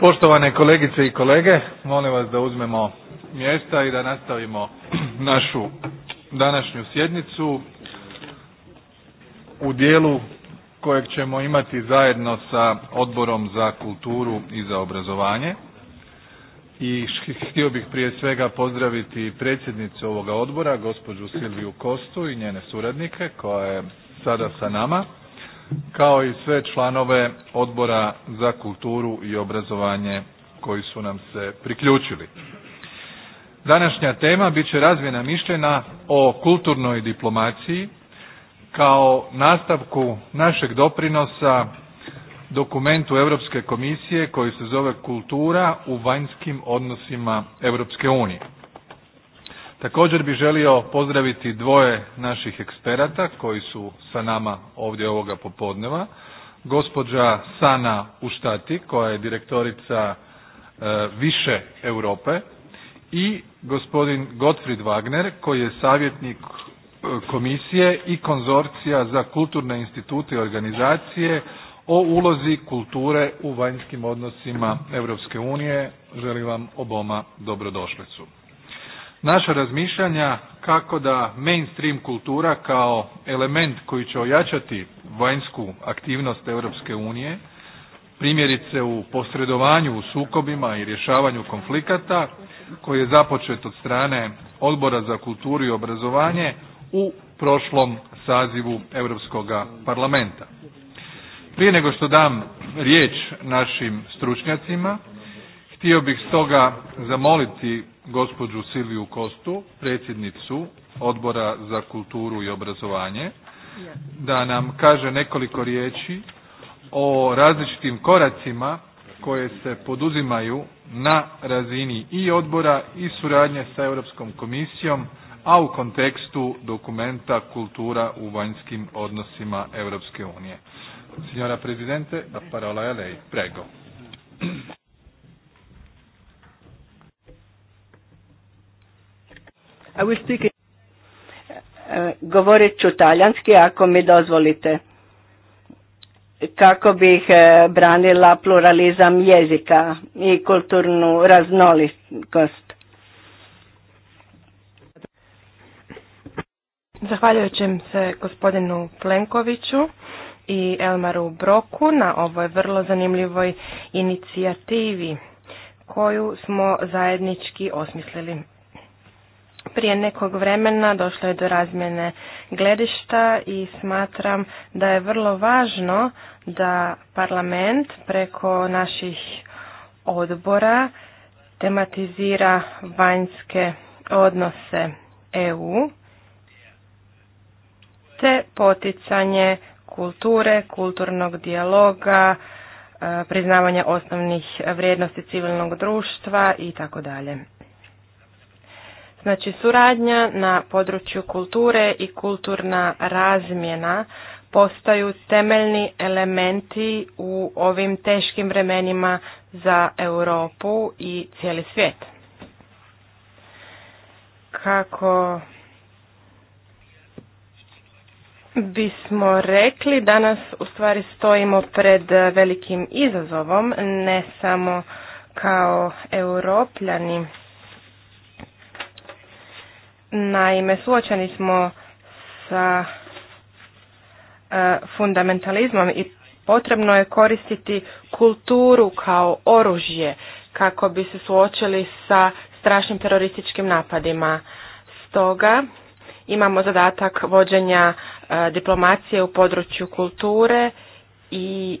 Poštovane kolegice i kolege, molim vas da uzmemo mjesta i da nastavimo našu današnju sjednicu u dijelu kojeg ćemo imati zajedno sa Odborom za kulturu i za obrazovanje. I htio bih prije svega pozdraviti predsjednicu ovoga odbora, gospođu Silviju Kostu i njene suradnike koja je sada sa nama kao i sve članove odbora za kulturu i obrazovanje koji su nam se priključili. Današnja tema bit će razvijena mišljena o kulturnoj diplomaciji kao nastavku našeg doprinosa dokumentu Europske komisije koji se zove Kultura u vanjskim odnosima Europske unije. Također bih želio pozdraviti dvoje naših eksperata koji su sa nama ovdje ovoga popodneva. Gospođa Sana Uštati koja je direktorica e, Više Europe i gospodin Gottfried Wagner koji je savjetnik e, komisije i konzorcija za kulturne institute i organizacije o ulozi kulture u vanjskim odnosima Europske unije. Želim vam oboma dobrodošlicu naša razmišljanja kako da mainstream kultura kao element koji će ojačati vanjsku aktivnost Europske unije, primjerice u posredovanju u sukobima i rješavanju konflikata koji je započet od strane Odbora za kulturu i obrazovanje u prošlom sazivu Europskoga parlamenta. Prije nego što dam riječ našim stručnjacima, htio bih stoga zamoliti gospođu Silviju Kostu, predsjednicu Odbora za kulturu i obrazovanje, da nam kaže nekoliko riječi o različitim koracima koje se poduzimaju na razini i odbora i suradnje sa Europskom komisijom, a u kontekstu dokumenta kultura u vanjskim odnosima Europske unije. Signora Presidente, la parola je lei. Prego. Eh, govorit ću talijanski ako mi dozvolite kako bih eh, branila pluralizam jezika i kulturnu raznolikost. Zahvaljujem se gospodinu Plenkoviću i Elmaru Broku na ovoj vrlo zanimljivoj inicijativi koju smo zajednički osmislili. Prije nekog vremena došlo je do razmjene gledišta i smatram da je vrlo važno da parlament preko naših odbora tematizira vanjske odnose EU te poticanje kulture, kulturnog dijaloga, e, priznavanja osnovnih vrijednosti civilnog društva i tako dalje. Znači suradnja na području kulture i kulturna razmjena postaju temeljni elementi u ovim teškim vremenima za Europu i cijeli svijet. Kako bismo rekli, danas u stvari stojimo pred velikim izazovom, ne samo kao europljani Naime, suočeni smo sa e, fundamentalizmom i potrebno je koristiti kulturu kao oružje kako bi se suočili sa strašnim terorističkim napadima. Stoga imamo zadatak vođenja e, diplomacije u području kulture i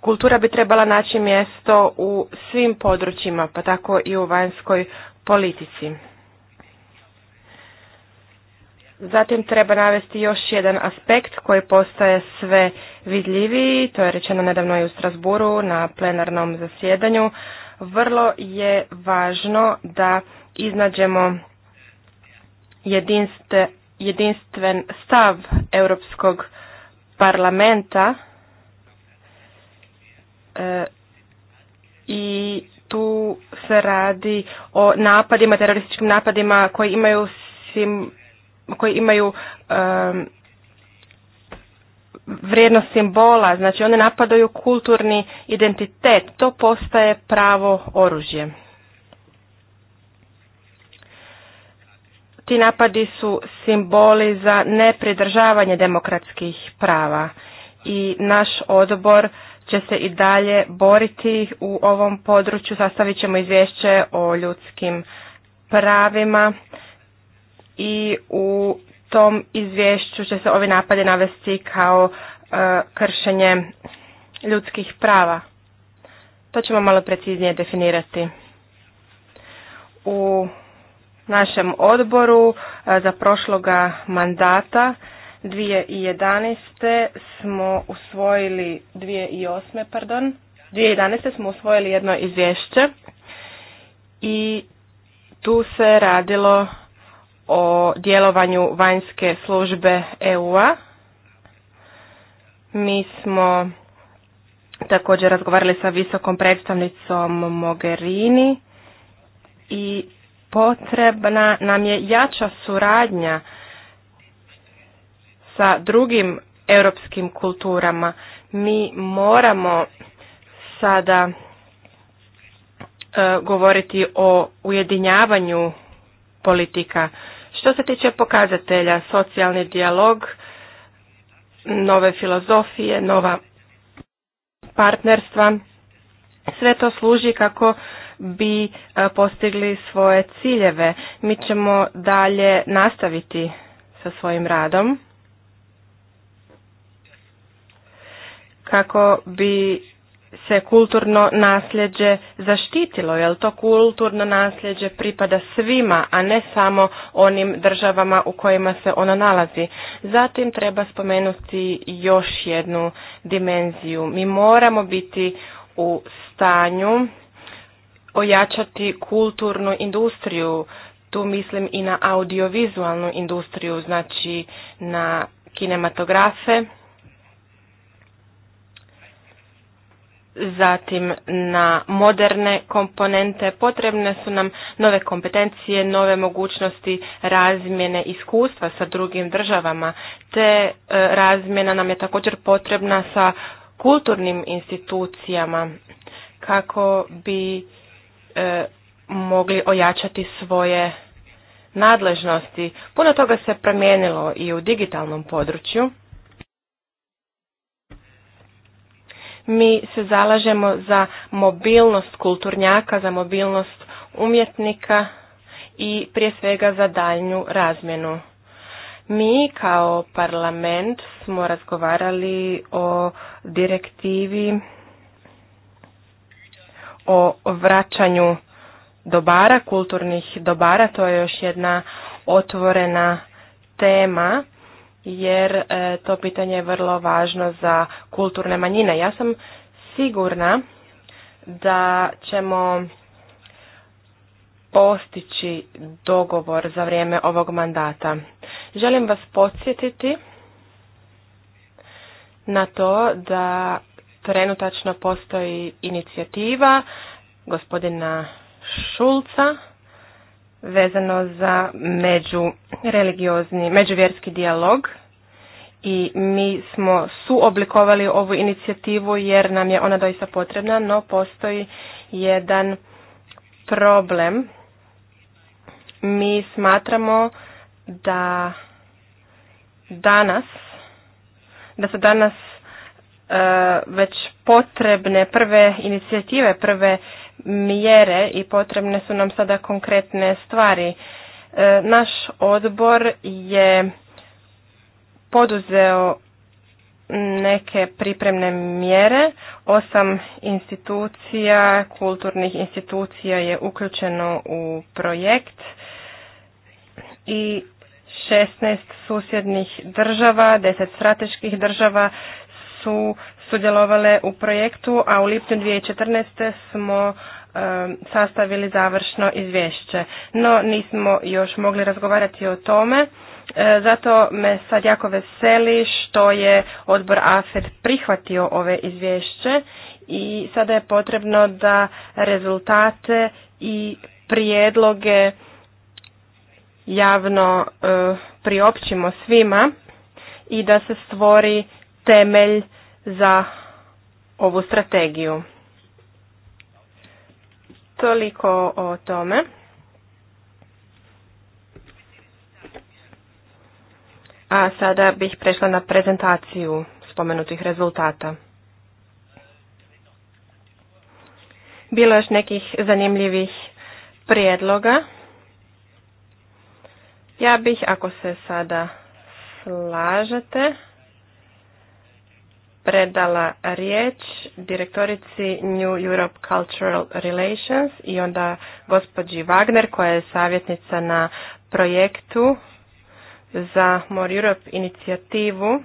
kultura bi trebala naći mjesto u svim područjima, pa tako i u vanjskoj politici. Zatim treba navesti još jedan aspekt koji postaje sve vidljiviji, to je rečeno nedavno i u Strasburu na plenarnom zasjedanju. Vrlo je važno da iznađemo jedinstven stav Europskog parlamenta e, i tu se radi o napadima, terorističkim napadima koji imaju sim, koji imaju um, vrijednost simbola, znači one napadaju kulturni identitet, to postaje pravo oružje. Ti napadi su simboli za nepridržavanje demokratskih prava i naš odbor će se i dalje boriti u ovom području. Sastavit ćemo izvješće o ljudskim pravima i u tom izvješću će se ovi napade navesti kao e, kršenje ljudskih prava. To ćemo malo preciznije definirati. U našem odboru e, za prošloga mandata 2011. smo usvojili 2008. pardon 2011. smo usvojili jedno izvješće i tu se radilo o djelovanju vanjske službe EU-a. Mi smo također razgovarali sa visokom predstavnicom Mogherini i potrebna nam je jača suradnja sa drugim europskim kulturama. Mi moramo sada e, govoriti o ujedinjavanju politika što se tiče pokazatelja, socijalni dijalog, nove filozofije, nova partnerstva, sve to služi kako bi e, postigli svoje ciljeve. Mi ćemo dalje nastaviti sa svojim radom kako bi se kulturno nasljeđe zaštitilo, jer to kulturno nasljeđe pripada svima, a ne samo onim državama u kojima se ono nalazi. Zatim treba spomenuti još jednu dimenziju. Mi moramo biti u stanju ojačati kulturnu industriju, tu mislim i na audiovizualnu industriju, znači na kinematografe, zatim na moderne komponente. Potrebne su nam nove kompetencije, nove mogućnosti razmjene iskustva sa drugim državama, te e, razmjena nam je također potrebna sa kulturnim institucijama kako bi e, mogli ojačati svoje nadležnosti. Puno toga se promijenilo i u digitalnom području. Mi se zalažemo za mobilnost kulturnjaka, za mobilnost umjetnika i prije svega za daljnju razmjenu. Mi kao parlament smo razgovarali o direktivi o vraćanju dobara, kulturnih dobara, to je još jedna otvorena tema jer e, to pitanje je vrlo važno za kulturne manjine. Ja sam sigurna da ćemo postići dogovor za vrijeme ovog mandata. Želim vas podsjetiti na to da trenutačno postoji inicijativa gospodina Šulca vezano za međureligiozni, međuvjerski dijalog i mi smo suoblikovali ovu inicijativu jer nam je ona doista potrebna, no postoji jedan problem. Mi smatramo da danas, da su danas e, već potrebne prve inicijative, prve mjere i potrebne su nam sada konkretne stvari. E, naš odbor je poduzeo neke pripremne mjere. Osam institucija, kulturnih institucija je uključeno u projekt i 16 susjednih država, 10 strateških država su sudjelovale u projektu, a u lipnju 2014. smo um, sastavili završno izvješće. No nismo još mogli razgovarati o tome E, zato me sad jako veseli što je odbor AFED prihvatio ove izvješće i sada je potrebno da rezultate i prijedloge javno e, priopćimo svima i da se stvori temelj za ovu strategiju. Toliko o tome. A sada bih prešla na prezentaciju spomenutih rezultata. Bilo je još nekih zanimljivih prijedloga. Ja bih, ako se sada slažete, predala riječ direktorici New Europe Cultural Relations i onda gospođi Wagner koja je savjetnica na projektu za More Europe inicijativu.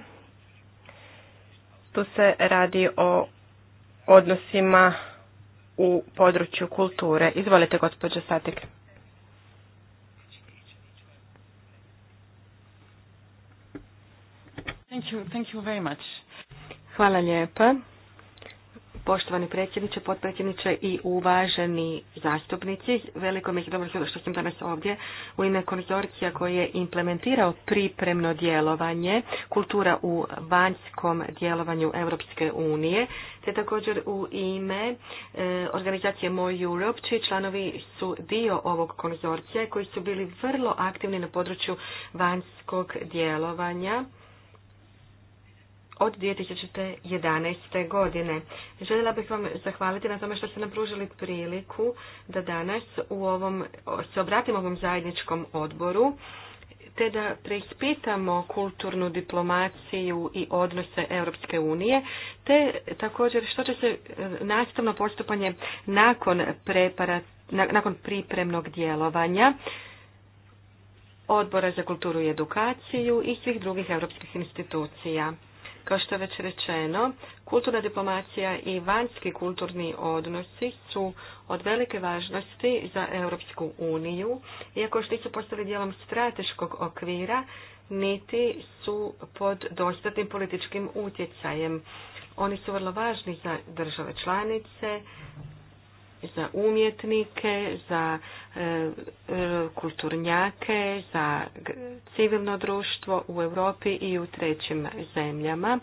Tu se radi o odnosima u području kulture. Izvolite, gospođo Satik. thank much. Hvala lijepa. Poštovani predsjedniče, potpredsjedniče i uvaženi zastupnici, veliko mi je dobro što sam danas ovdje u ime konzorcija koji je implementirao pripremno djelovanje, kultura u vanjskom djelovanju Europske unije, te također u ime e, organizacije moj Europe, čiji članovi su dio ovog konzorcija koji su bili vrlo aktivni na području vanjskog djelovanja od 2011. godine. Željela bih vam zahvaliti na tome što ste nam pružili priliku da danas u ovom, se obratimo ovom zajedničkom odboru te da preispitamo kulturnu diplomaciju i odnose Europske unije, te također što će se e, nastavno postupanje nakon, nakon pripremnog djelovanja Odbora za kulturu i edukaciju i svih drugih europskih institucija. Kao što je već rečeno, kulturna diplomacija i vanjski kulturni odnosi su od velike važnosti za Europsku uniju, iako što nisu postali dijelom strateškog okvira, niti su pod dostatnim političkim utjecajem. Oni su vrlo važni za države članice, za umjetnike, za e, e, kulturnjake, za civilno društvo u Europi i u trećim zemljama,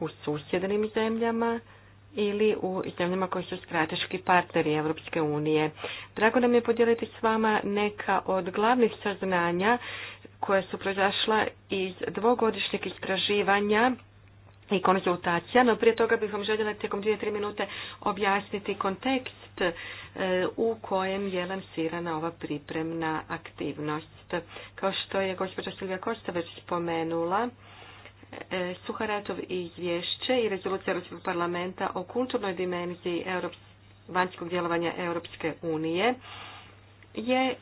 u susjednim zemljama ili u zemljama koje su strateški partneri Europske unije. Drago nam je podijeliti s vama neka od glavnih saznanja koja su proizašla iz dvogodišnjeg istraživanja i konzultacija, no prije toga bih vam željela tijekom dvije-tri minute objasniti kontekst e, u kojem je lansirana ova pripremna aktivnost. Kao što je gospođa Silvija Kosta već spomenula, e, Suharatov izvješće i rezolucija Europskog parlamenta o kulturnoj dimenziji vanjskog djelovanja Europske unije je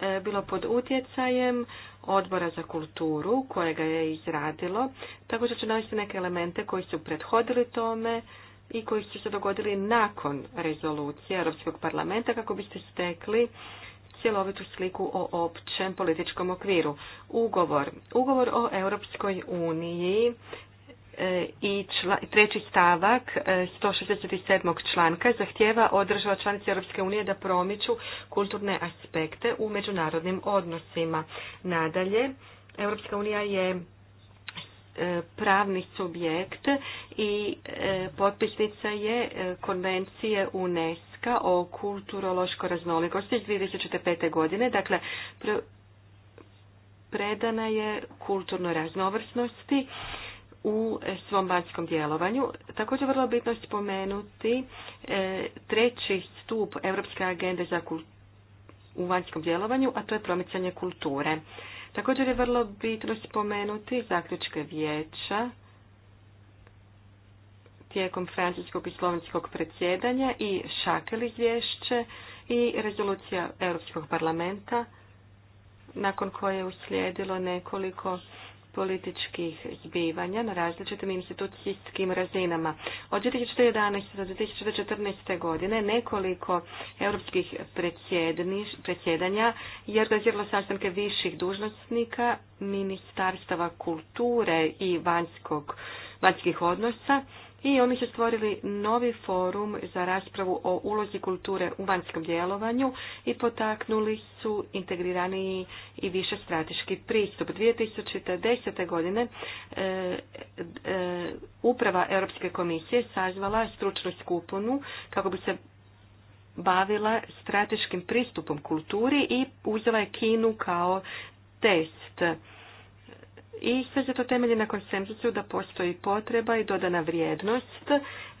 E, bilo pod utjecajem odbora za kulturu kojega je izradilo, tako da ću navesti neke elemente koji su prethodili tome i koji su se dogodili nakon rezolucije Europskog parlamenta kako biste stekli cjelovitu sliku o općem političkom okviru. Ugovor. Ugovor o Europskoj uniji E, i treći stavak 167. E, članka zahtjeva održava država članica Europske unije da promiču kulturne aspekte u međunarodnim odnosima. Nadalje, Europska unija je e, pravni subjekt i potpisnica je konvencije UNESCO o kulturološkoj raznolikosti iz 2005. godine. Dakle, predana je kulturnoj raznovrsnosti u svom vanjskom djelovanju. Također vrlo bitno spomenuti e, treći stup Europske agende za u vanjskom djelovanju, a to je promicanje kulture. Također je vrlo bitno spomenuti zaključke vijeća tijekom francuskog i slovenskog predsjedanja i šakel izvješće i rezolucija Europskog parlamenta nakon koje je uslijedilo nekoliko političkih zbivanja na različitim institucijskim razinama. Od 2011. do 2014. godine nekoliko europskih predsjedanja je organiziralo sastanke viših dužnostnika, ministarstava kulture i vanjskog, vanjskih odnosa i oni su stvorili novi forum za raspravu o ulozi kulture u vanjskom djelovanju i potaknuli su integrirani i više strateški pristup. 2010. godine e, e, uprava Europske komisije sazvala stručnu skupinu kako bi se bavila strateškim pristupom kulturi i uzela je Kinu kao test i sve se to temelji na konsenzusu da postoji potreba i dodana vrijednost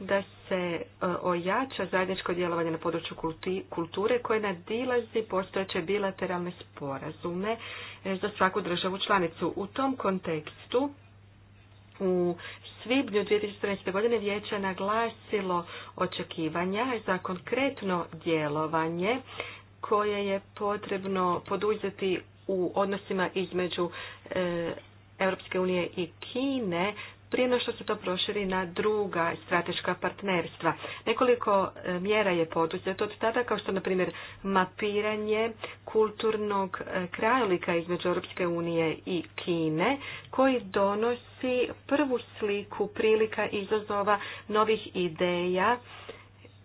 da se e, ojača zajedničko djelovanje na području kulture koje nadilazi postojeće bilateralne sporazume e, za svaku državu članicu. U tom kontekstu u svibnju 2014. godine vijeće naglasilo očekivanja za konkretno djelovanje koje je potrebno poduzeti u odnosima između e, Europske unije i Kine prije no što se to proširi na druga strateška partnerstva. Nekoliko e, mjera je poduzeto od tada, kao što na primjer mapiranje kulturnog e, krajolika između Europske unije i Kine, koji donosi prvu sliku prilika izazova novih ideja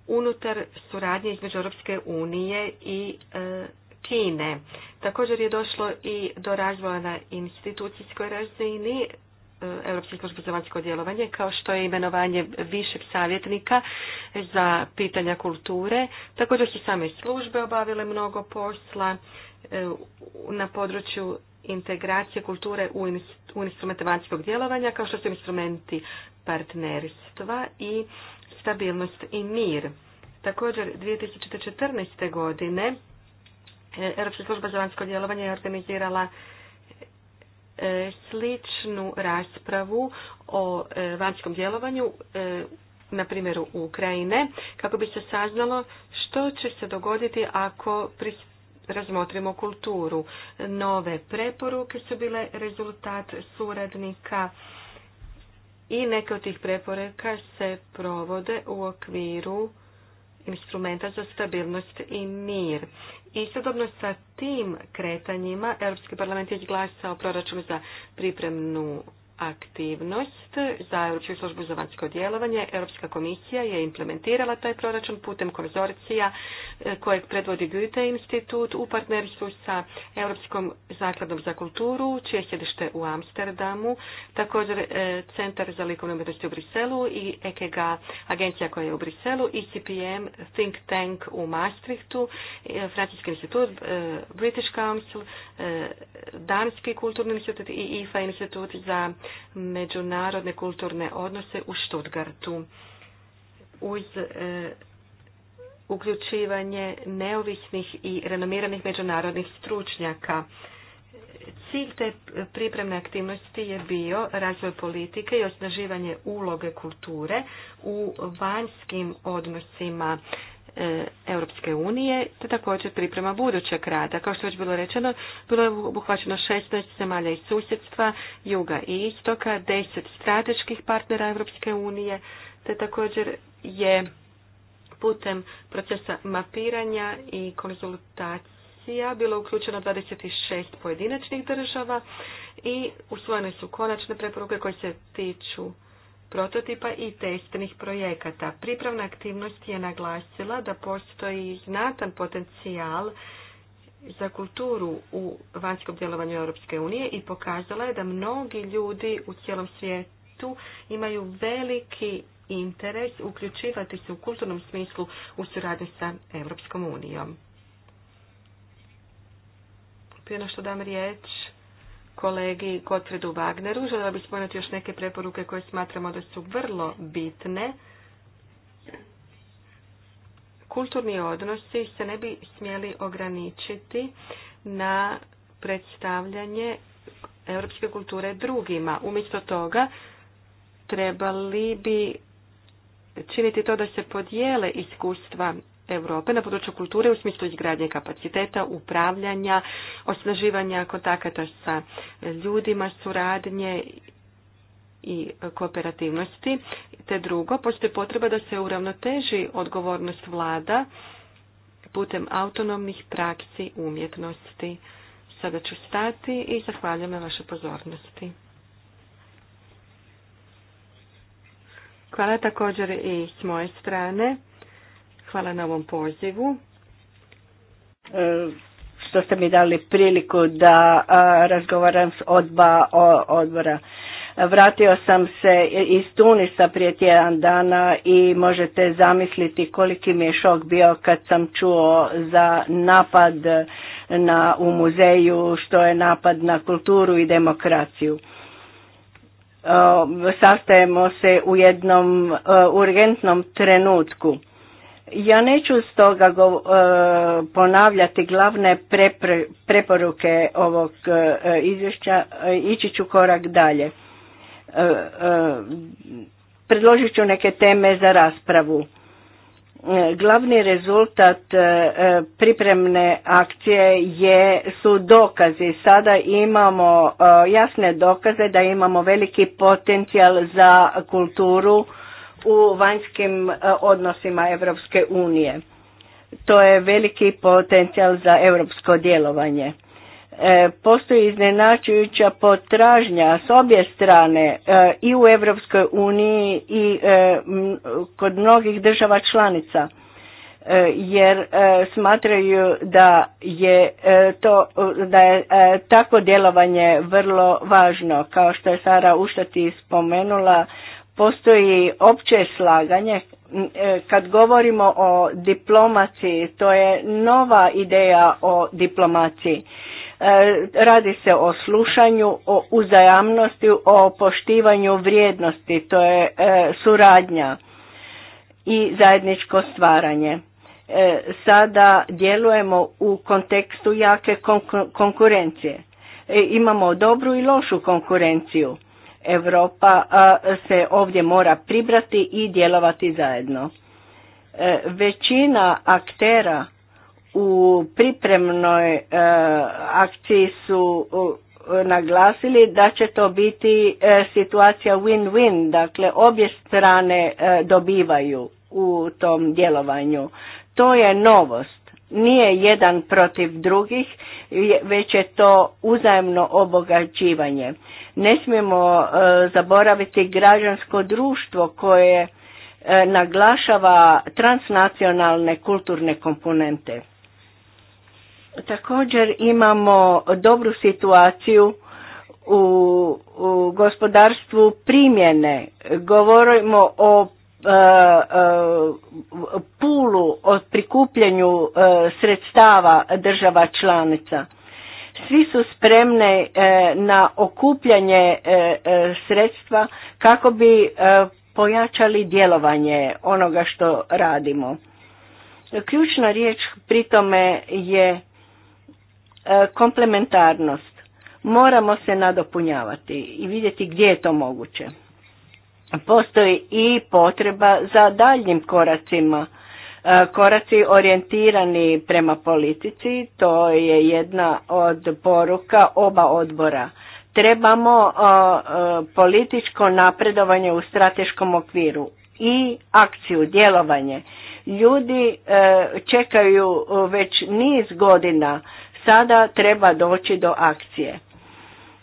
unutar suradnje između Europske unije i e, Kine. Također je došlo i do razvoja na institucijskoj razini e, Europske službe za vanjsko djelovanje, kao što je imenovanje višeg savjetnika za pitanja kulture. Također su same službe obavile mnogo posla e, na području integracije kulture u instrumente vanjskog djelovanja, kao što su instrumenti partnerstva i stabilnost i mir. Također, 2014. godine Europska služba za vanjsko djelovanje je organizirala e, sličnu raspravu o e, vanjskom djelovanju, e, na primjeru Ukrajine, kako bi se saznalo što će se dogoditi ako razmotrimo kulturu. Nove preporuke su bile rezultat suradnika i neke od tih preporuka se provode u okviru instrumenta za stabilnost i mir. Istodobno sa tim kretanjima Europski parlament je glasao proračun za pripremnu aktivnost za Europsku službu za vanjsko djelovanje. Europska komisija je implementirala taj proračun putem konzorcija e, kojeg predvodi Goethe institut u partnerstvu sa Europskom zakladom za kulturu, čije sjedište u Amsterdamu, također e, Centar za likovne umjetnosti u Briselu i EKG agencija koja je u Briselu, ICPM Think Tank u Maastrichtu, e, Francijski institut, British Council, Danski kulturni institut i IFA institut za međunarodne kulturne odnose u Stuttgartu. Uz e, uključivanje neovisnih i renomiranih međunarodnih stručnjaka. Cilj te pripremne aktivnosti je bio razvoj politike i osnaživanje uloge kulture u vanjskim odnosima E, Europske unije, te također priprema budućeg rada. Kao što je već bilo rečeno, bilo je obuhvaćeno 16 zemalja iz susjedstva, juga i istoka, 10 strateških partnera Europske unije, te također je putem procesa mapiranja i konzultacija bilo uključeno 26 pojedinačnih država i usvojene su konačne preporuke koje se tiču prototipa i testnih projekata. Pripravna aktivnost je naglasila da postoji znatan potencijal za kulturu u vanjskom djelovanju Europske unije i pokazala je da mnogi ljudi u cijelom svijetu imaju veliki interes uključivati se u kulturnom smislu u suradnju sa Europskom unijom. Prije što dam riječ kolegi Gotfredu Wagneru. Željela bih spomenuti još neke preporuke koje smatramo da su vrlo bitne. Kulturni odnosi se ne bi smjeli ograničiti na predstavljanje europske kulture drugima. Umjesto toga trebali bi činiti to da se podijele iskustva Europe na području kulture u smislu izgradnje kapaciteta, upravljanja, osnaživanja kontakata sa ljudima, suradnje i kooperativnosti. Te drugo, postoji potreba da se uravnoteži odgovornost vlada putem autonomnih praksi umjetnosti. Sada ću stati i zahvaljujem na vaše pozornosti. Hvala također i s moje strane. Hvala na ovom pozivu. E, što ste mi dali priliku da razgovaram s odba odbora. Vratio sam se iz Tunisa prije tjedan dana i možete zamisliti koliki mi je šok bio kad sam čuo za napad na, u muzeju, što je napad na kulturu i demokraciju. E, sastajemo se u jednom e, urgentnom trenutku ja neću stoga go, e, ponavljati glavne preporuke ovog e, izvješća, e, ići ću korak dalje. Predložit ću neke teme za raspravu. Glavni rezultat pripremne akcije je, su dokazi. Sada imamo jasne dokaze da imamo veliki potencijal za kulturu u vanjskim e, odnosima Europske unije. To je veliki potencijal za europsko djelovanje. E, postoji iznenačujuća potražnja s obje strane e, i u Europskoj uniji i kod mnogih država članica jer smatraju da je to da je takvo djelovanje vrlo važno kao što je Sara Uštati spomenula Postoji opće slaganje, e, kad govorimo o diplomaciji, to je nova ideja o diplomaciji. E, radi se o slušanju, o uzajamnosti, o poštivanju vrijednosti, to je e, suradnja i zajedničko stvaranje. Sada djelujemo u kontekstu jake konkurencije. Imamo dobru i lošu konkurenciju Europa se ovdje mora pribrati i djelovati zajedno. E, većina aktera u pripremnoj e, akciji su naglasili da će to biti e, situacija win-win, dakle obje strane dobivaju u tom djelovanju. To je novost nije jedan protiv drugih, već je to uzajemno obogađivanje. Ne smijemo e, zaboraviti građansko društvo koje e, naglašava transnacionalne kulturne komponente. Također imamo dobru situaciju u, u gospodarstvu primjene. Govorimo o E, e, pulu o prikupljenju e, sredstava država članica. Svi su spremni na okupljanje sredstva kako bi pojačali djelovanje onoga što radimo. Ključna riječ pri tome je komplementarnost. Moramo se nadopunjavati i vidjeti gdje je to moguće postoji i potreba za daljnjim koracima. E, koraci orijentirani prema politici, to je jedna od poruka oba odbora. Trebamo e, e, političko napredovanje u strateškom okviru i akciju, djelovanje. Ljudi čekaju već niz godina, sada treba doći do akcije.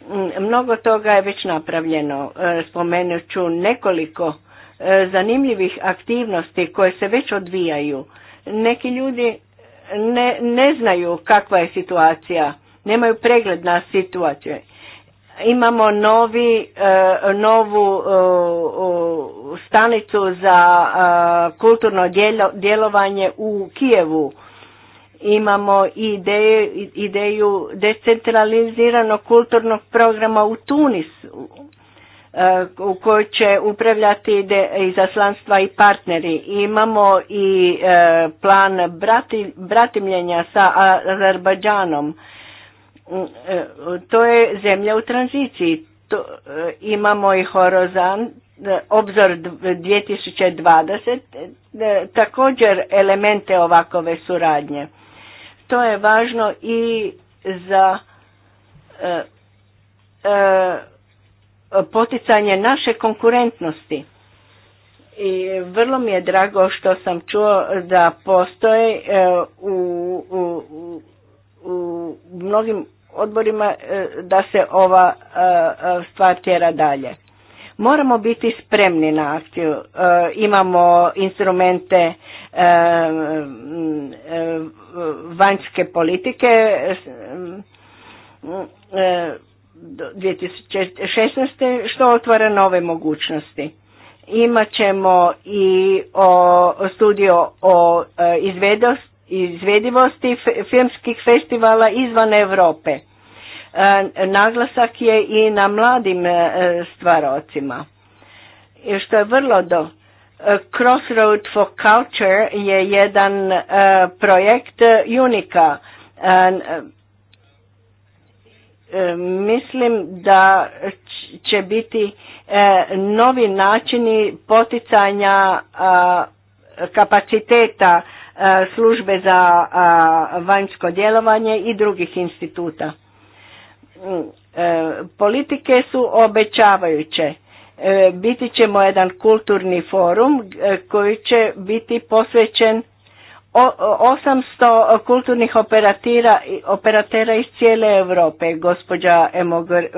Mm, mnogo toga je već napravljeno. E, spomenut ću nekoliko e, zanimljivih aktivnosti koje se već odvijaju. Neki ljudi ne, ne znaju kakva je situacija, nemaju pregled na situaciju. Imamo novi, e, novu stanicu za kulturno djelovanje u Kijevu Imamo i ideju, ideju decentraliziranog kulturnog programa u Tunis u e, kojoj će upravljati izaslanstva i partneri. Imamo i e, plan bratimljenja sa Azerbajdžanom. E, to je zemlja u tranziciji. To, imamo i Horozan, obzor 2020, također elemente ovakove suradnje. To je važno i za e, e, poticanje naše konkurentnosti. I vrlo mi je drago što sam čuo da postoje e, u, u, u mnogim odborima e, da se ova e, stvar tjera dalje. Moramo biti spremni na akciju. E, imamo instrumente e, e, vanjske politike 2016. što otvara nove mogućnosti. Imat ćemo i o studio o izvedivosti filmskih festivala izvan Europe. E, naglasak je i na mladim e, stvarocima. Što je vrlo do... E, Crossroad for Culture je jedan projekt Unika. Mislim da će biti novi načini poticanja kapaciteta službe za vanjsko djelovanje i drugih instituta. Mm, e, politike su obećavajuće. E, biti ćemo jedan kulturni forum e, koji će biti posvećen 800 kulturnih operatira, operatera iz cijele Europe. Gospođa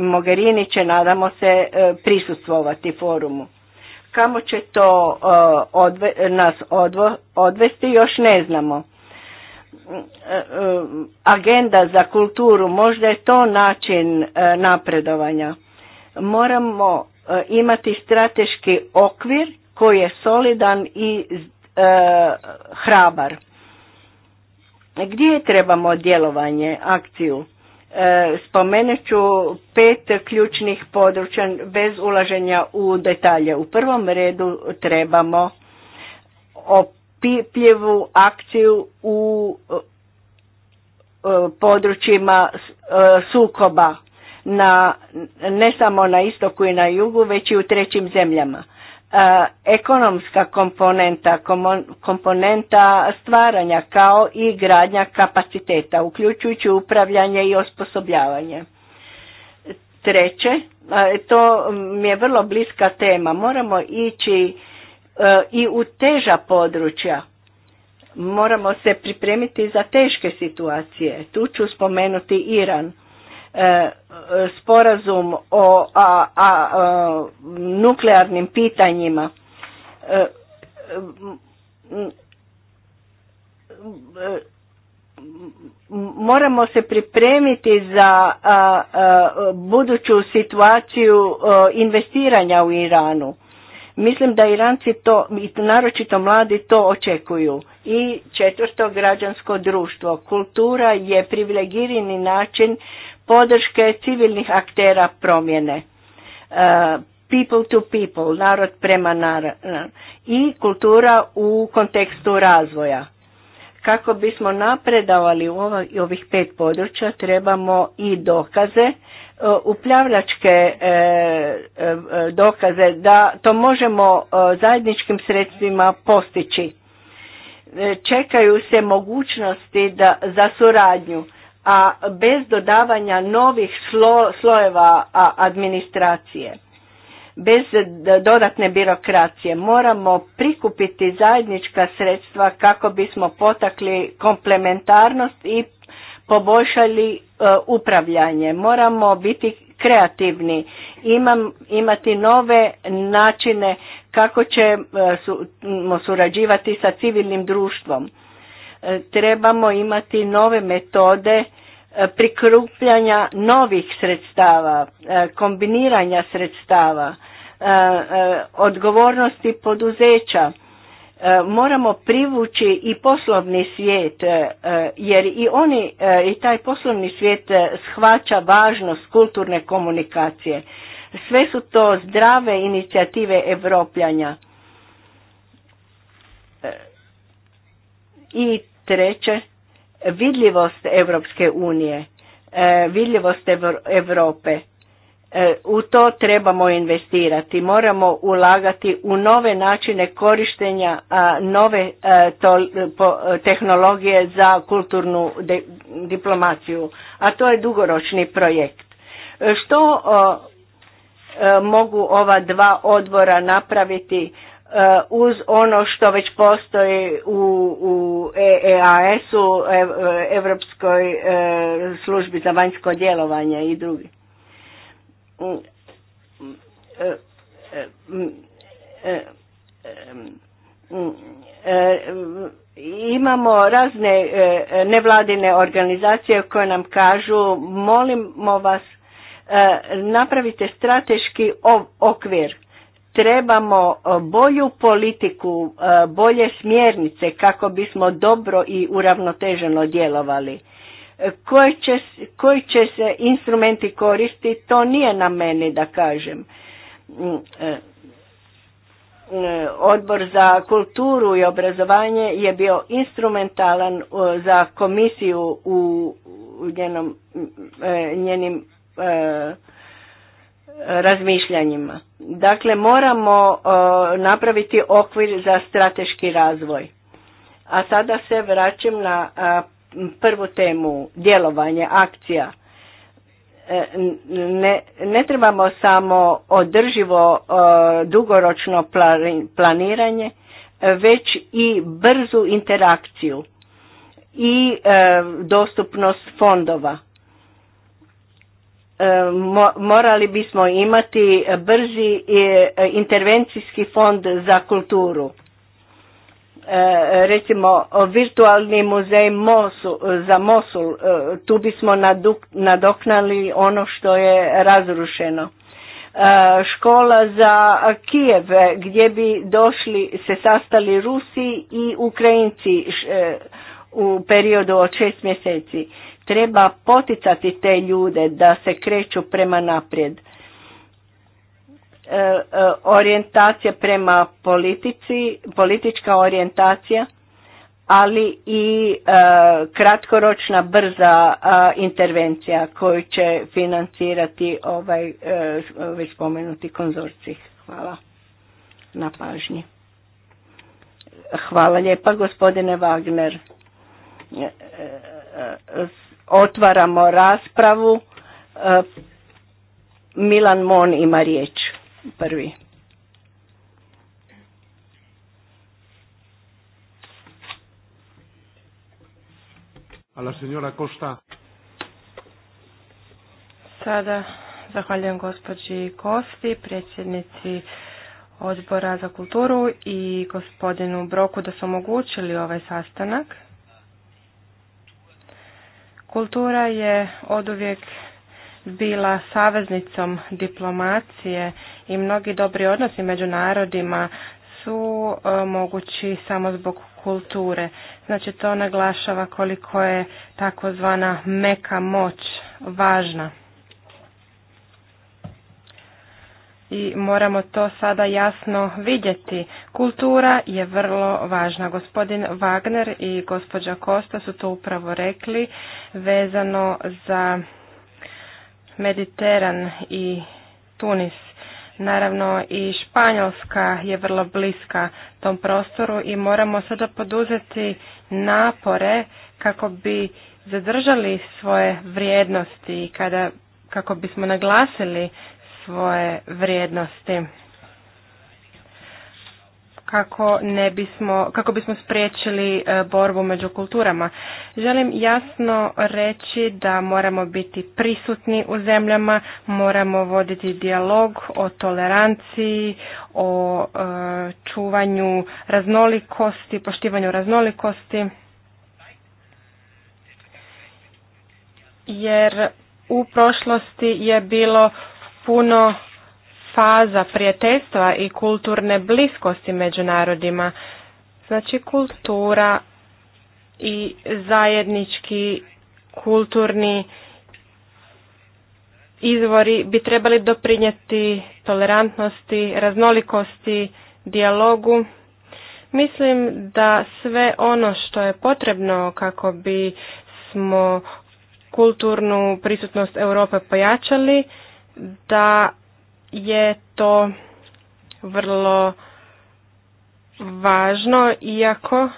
Mogherini će, nadamo se, prisustvovati forumu. Kamo će to odve, nas odvo, odvesti još ne znamo agenda za kulturu, možda je to način e, napredovanja. Moramo e, imati strateški okvir koji je solidan i e, hrabar. Gdje trebamo djelovanje, akciju? Spomenut ću pet ključnih područja bez ulaženja u detalje. U prvom redu trebamo pjevu akciju u e, e, područjima e, sukoba na, ne samo na istoku i na jugu, već i u trećim zemljama. ekonomska komponenta, komponenta stvaranja kao i gradnja kapaciteta, uključujući upravljanje i osposobljavanje. Treće, to mi je vrlo bliska tema, moramo ići E, i u teža područja. Moramo se pripremiti za teške situacije. Tu ću spomenuti Iran. E, e, sporazum o a, a, nuklearnim pitanjima moramo se pripremiti za buduću situaciju investiranja u Iranu Mislim da Iranci to, naročito mladi, to očekuju. I četvrto, građansko društvo. Kultura je privilegirani način podrške civilnih aktera promjene. E, people to people, narod prema narod. I kultura u kontekstu razvoja. Kako bismo napredavali u ovih pet područja, trebamo i dokaze upravljačke e, e, e, dokaze da to možemo zajedničkim sredstvima postići. Čekaju se mogućnosti da, za suradnju, a bez dodavanja novih slojeva administracije, bez dodatne birokracije moramo prikupiti zajednička sredstva kako bismo potakli komplementarnost i poboljšali e, upravljanje. Moramo biti kreativni, imati nove načine kako ćemo e, surađivati sa civilnim društvom. E, trebamo imati nove metode prikrupljanja novih sredstava, kombiniranja sredstava, odgovornosti poduzeća E, moramo privući i poslovni svijet e, jer i oni e, i taj poslovni svijet shvaća važnost kulturne komunikacije. Sve su to zdrave inicijative Evropljanja. I treće, vidljivost europske unije, vidljivost Europe. E, u to trebamo investirati, moramo ulagati u nove načine korištenja, nove e, tehnologije za kulturnu diplomaciju, a to je dugoročni projekt. E, što mogu ova dva odbora napraviti uz ono što već postoji u, u EAS-u, Evropskoj službi za vanjsko djelovanje i drugi? E, e, e, imamo razne nevladine organizacije koje nam kažu molimo vas napravite strateški okvir trebamo bolju politiku, bolje smjernice kako bismo dobro i uravnoteženo djelovali. E, koji će, koji će se instrumenti koristiti, to nije na meni da kažem. Mm, e, mm, e, odbor za kulturu i obrazovanje je bio instrumentalan za komisiju u njenim razmišljanjima. Dakle, moramo napraviti okvir za strateški razvoj. A sada se vraćam na prvu temu, djelovanje, akcija. E, ne, trebamo samo održivo e, dugoročno planiranje, već i brzu interakciju i e, dostupnost fondova. Morali bismo imati brzi intervencijski fond za kulturu E, recimo virtualni muzej e, za Mosul, e, tu bismo nadoknali ono što je razrušeno. Škola za Kijev gdje bi došli, se sastali Rusi i Ukrajinci u periodu od šest mjeseci. Treba poticati te ljude da se kreću prema naprijed E, e, orijentacija prema politici, politička orijentacija, ali i e, kratkoročna brza intervencija koju će financirati ovaj već spomenuti konzorcij. Hvala na pažnji. Hvala lijepa gospodine Wagner. Otvaramo raspravu. Milan Mon ima riječ prvi. A la senjora Sada zahvaljujem gospođi Kosti, predsjednici odbora za kulturu i gospodinu Broku da su omogućili ovaj sastanak. Kultura je oduvijek bila saveznicom diplomacije i mnogi dobri odnosi među narodima su e, mogući samo zbog kulture. Znači to naglašava koliko je takozvana meka moć važna. I moramo to sada jasno vidjeti. Kultura je vrlo važna. Gospodin Wagner i gospođa Kosta su to upravo rekli vezano za Mediteran i Tunis. Naravno i Španjolska je vrlo bliska tom prostoru i moramo sada poduzeti napore kako bi zadržali svoje vrijednosti i kada, kako bismo naglasili svoje vrijednosti kako ne bismo, kako bismo spriječili e, borbu među kulturama. Želim jasno reći da moramo biti prisutni u zemljama, moramo voditi dijalog o toleranciji, o e, čuvanju raznolikosti, poštivanju raznolikosti. Jer u prošlosti je bilo puno faza prijateljstva i kulturne bliskosti među narodima. Znači kultura i zajednički kulturni izvori bi trebali doprinijeti tolerantnosti, raznolikosti, dijalogu. Mislim da sve ono što je potrebno kako bi smo kulturnu prisutnost Europe pojačali, da je to vrlo važno, iako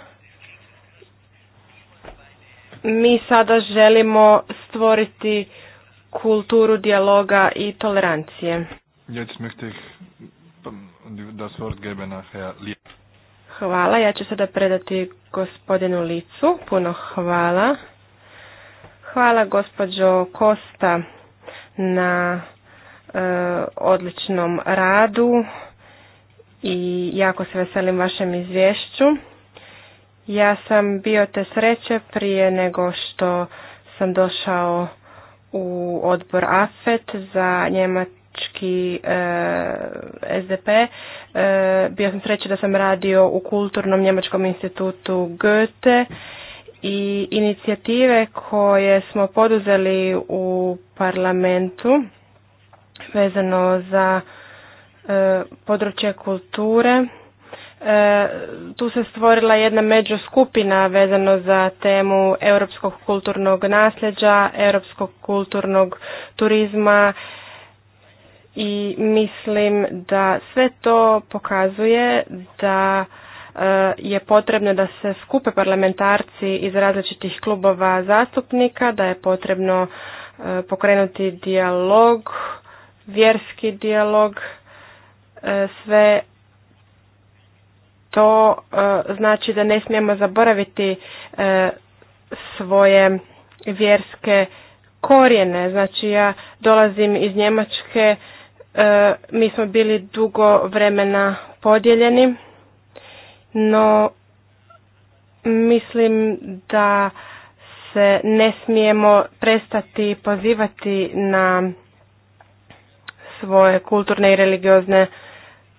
mi sada želimo stvoriti kulturu dijaloga i tolerancije. Hvala, ja ću sada predati gospodinu Licu. Puno hvala. Hvala gospođo Kosta na E, odličnom radu i jako se veselim vašem izvješću. Ja sam bio te sreće prije nego što sam došao u odbor AFET za njemački e, SDP. E, bio sam sreće da sam radio u Kulturnom njemačkom institutu Goethe i inicijative koje smo poduzeli u parlamentu vezano za e, područje kulture. E, tu se stvorila jedna međuskupina vezano za temu europskog kulturnog nasljeđa, europskog kulturnog turizma i mislim da sve to pokazuje da e, je potrebno da se skupe parlamentarci iz različitih klubova zastupnika, da je potrebno pokrenuti dijalog vjerski dijalog, e, sve to e, znači da ne smijemo zaboraviti e, svoje vjerske korijene. Znači ja dolazim iz Njemačke, mi smo bili dugo vremena podijeljeni, no mislim da se ne smijemo prestati pozivati na svoje kulturne i religiozne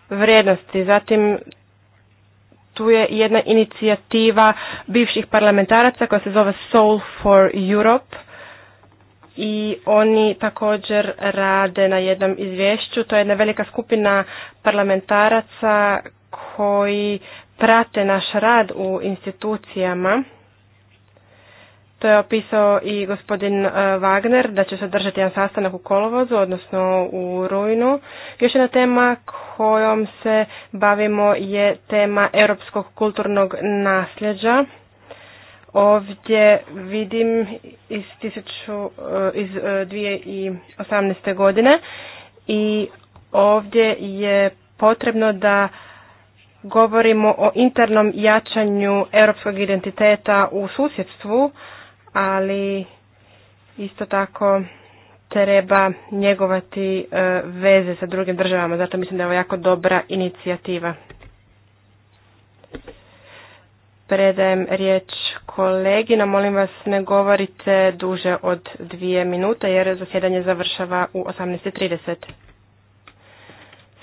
vrijednosti. Zatim tu je jedna inicijativa bivših parlamentaraca koja se zove Soul for Europe i oni također rade na jednom izvješću. To je jedna velika skupina parlamentaraca koji prate naš rad u institucijama. To je opisao i gospodin e, Wagner da će se održati jedan sastanak u kolovozu, odnosno u rujnu. Još jedna tema kojom se bavimo je tema europskog kulturnog nasljeđa. Ovdje vidim iz, tisuću, e, iz 2018. E, godine i ovdje je potrebno da govorimo o internom jačanju europskog identiteta u susjedstvu, ali isto tako treba njegovati e, veze sa drugim državama. Zato mislim da je ovo jako dobra inicijativa. Predajem riječ kolegina. Molim vas ne govorite duže od dvije minute jer zasjedanje završava u 18.30.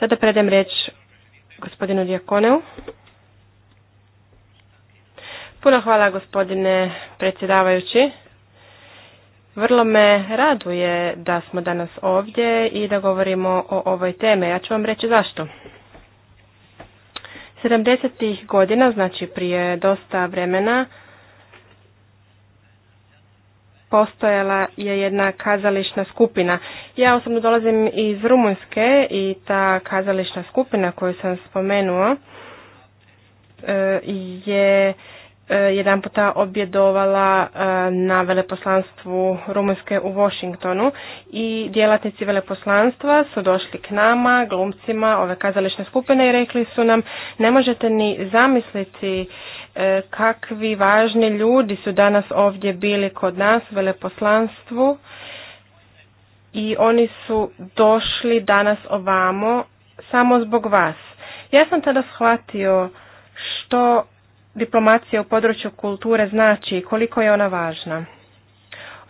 Sada predajem riječ gospodinu Diakoneu. Puno hvala gospodine predsjedavajući. Vrlo me raduje da smo danas ovdje i da govorimo o ovoj teme. Ja ću vam reći zašto. 70. godina, znači prije dosta vremena, postojala je jedna kazališna skupina. Ja osobno dolazim iz Rumunjske i ta kazališna skupina koju sam spomenuo e, je E, jedan puta objedovala e, na veleposlanstvu Rumunjske u Washingtonu i djelatnici veleposlanstva su došli k nama, glumcima ove kazališne skupine i rekli su nam ne možete ni zamisliti e, kakvi važni ljudi su danas ovdje bili kod nas u veleposlanstvu i oni su došli danas ovamo samo zbog vas. Ja sam tada shvatio što diplomacija u području kulture znači koliko je ona važna.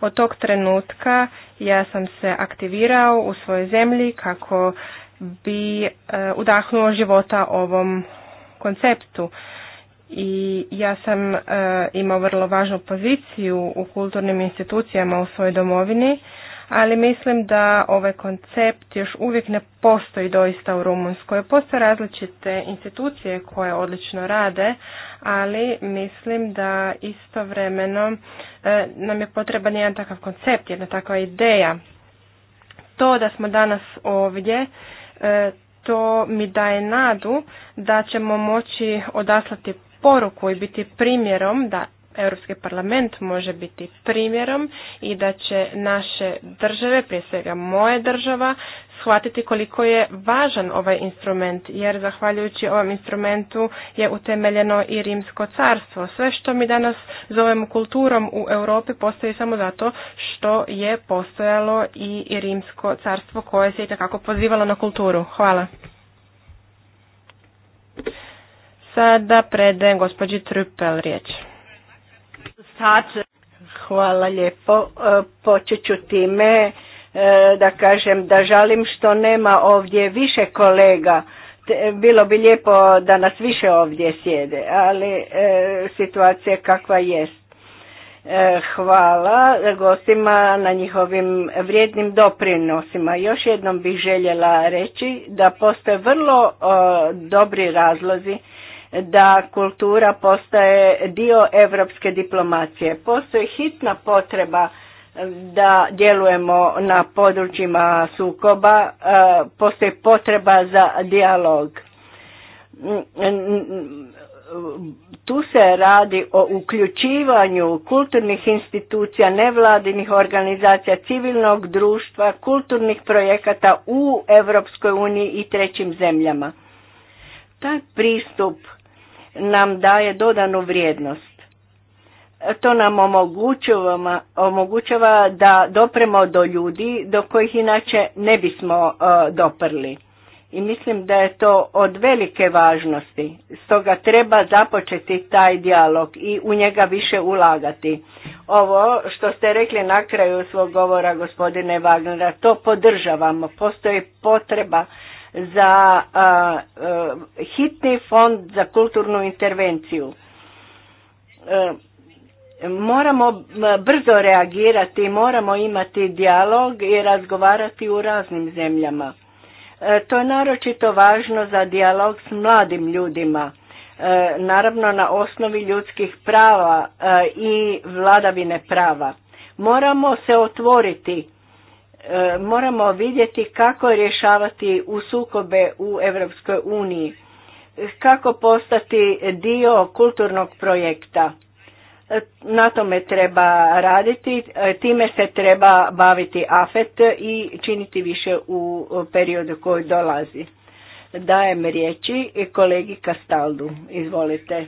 Od tog trenutka ja sam se aktivirao u svojoj zemlji kako bi e, udahnuo života ovom konceptu. I ja sam e, imao vrlo važnu poziciju u kulturnim institucijama u svojoj domovini ali mislim da ovaj koncept još uvijek ne postoji doista u Rumunskoj. Postoje različite institucije koje odlično rade, ali mislim da istovremeno e, nam je potreban jedan takav koncept, jedna takva ideja. To da smo danas ovdje, e, to mi daje nadu da ćemo moći odaslati poruku i biti primjerom da Europski parlament može biti primjerom i da će naše države, prije svega moja država, shvatiti koliko je važan ovaj instrument, jer zahvaljujući ovom instrumentu je utemeljeno i rimsko carstvo. Sve što mi danas zovemo kulturom u Europi postoji samo zato što je postojalo i rimsko carstvo koje se itekako pozivalo na kulturu. Hvala. Sada predajem gospođi Trupel riječ. Hvala lijepo. E, počet ću time e, da kažem da žalim što nema ovdje više kolega. Bilo bi lijepo da nas više ovdje sjede, ali e, situacija kakva jest. Hvala gostima na njihovim vrijednim doprinosima. Još jednom bih željela reći da postoje vrlo dobri razlozi da kultura postaje dio europske diplomacije. Postoji hitna potreba eh, da djelujemo na područjima sukoba, eh, postoji potreba za dijalog. Tu se radi o uključivanju kulturnih institucija, nevladinih organizacija, civilnog društva, kulturnih projekata u Europskoj uniji i trećim zemljama. Taj pristup nam daje dodanu vrijednost. To nam omogućava, da dopremo do ljudi do kojih inače ne bismo e, doprli. I mislim da je to od velike važnosti. Stoga treba započeti taj dijalog i u njega više ulagati. Ovo što ste rekli na kraju svog govora gospodine Wagnera, to podržavamo. Postoji potreba za hitni fond za kulturnu intervenciju. E, moramo brzo reagirati, moramo imati dijalog i razgovarati u raznim zemljama. E, to je naročito važno za dijalog s mladim ljudima, e, naravno na osnovi ljudskih prava i vladavine prava. Moramo se otvoriti E, moramo vidjeti kako rješavati u sukobe u Europskoj uniji, kako postati dio kulturnog projekta. E, na tome treba raditi, e, time se treba baviti AFET i činiti više u periodu koji dolazi. Dajem riječi kolegi Kastaldu, izvolite.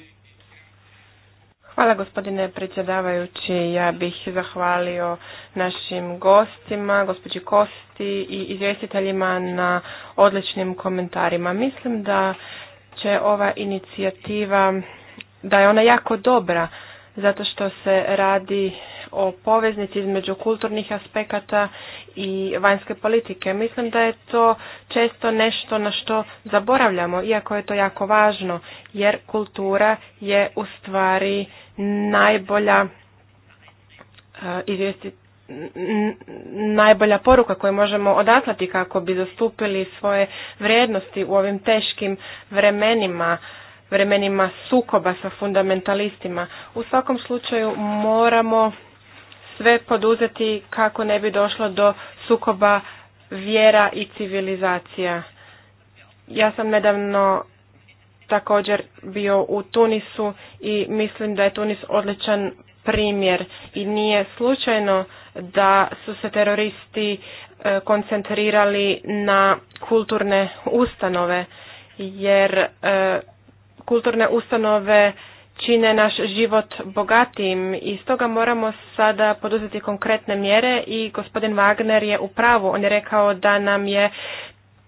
Hvala gospodine predsjedavajući. Ja bih zahvalio našim gostima, gospođi Kosti i izvjestiteljima na odličnim komentarima. Mislim da će ova inicijativa, da je ona jako dobra zato što se radi o poveznici između kulturnih aspekata i vanjske politike. Mislim da je to često nešto na što zaboravljamo, iako je to jako važno, jer kultura je u stvari najbolja e, izvjesti najbolja poruka koju možemo odaslati kako bi zastupili svoje vrijednosti u ovim teškim vremenima vremenima sukoba sa fundamentalistima. U svakom slučaju moramo sve poduzeti kako ne bi došlo do sukoba vjera i civilizacija. Ja sam nedavno također bio u Tunisu i mislim da je Tunis odličan primjer i nije slučajno da su se teroristi e, koncentrirali na kulturne ustanove jer e, kulturne ustanove čine naš život bogatijim i stoga moramo sada poduzeti konkretne mjere i gospodin Wagner je u pravu. On je rekao da nam je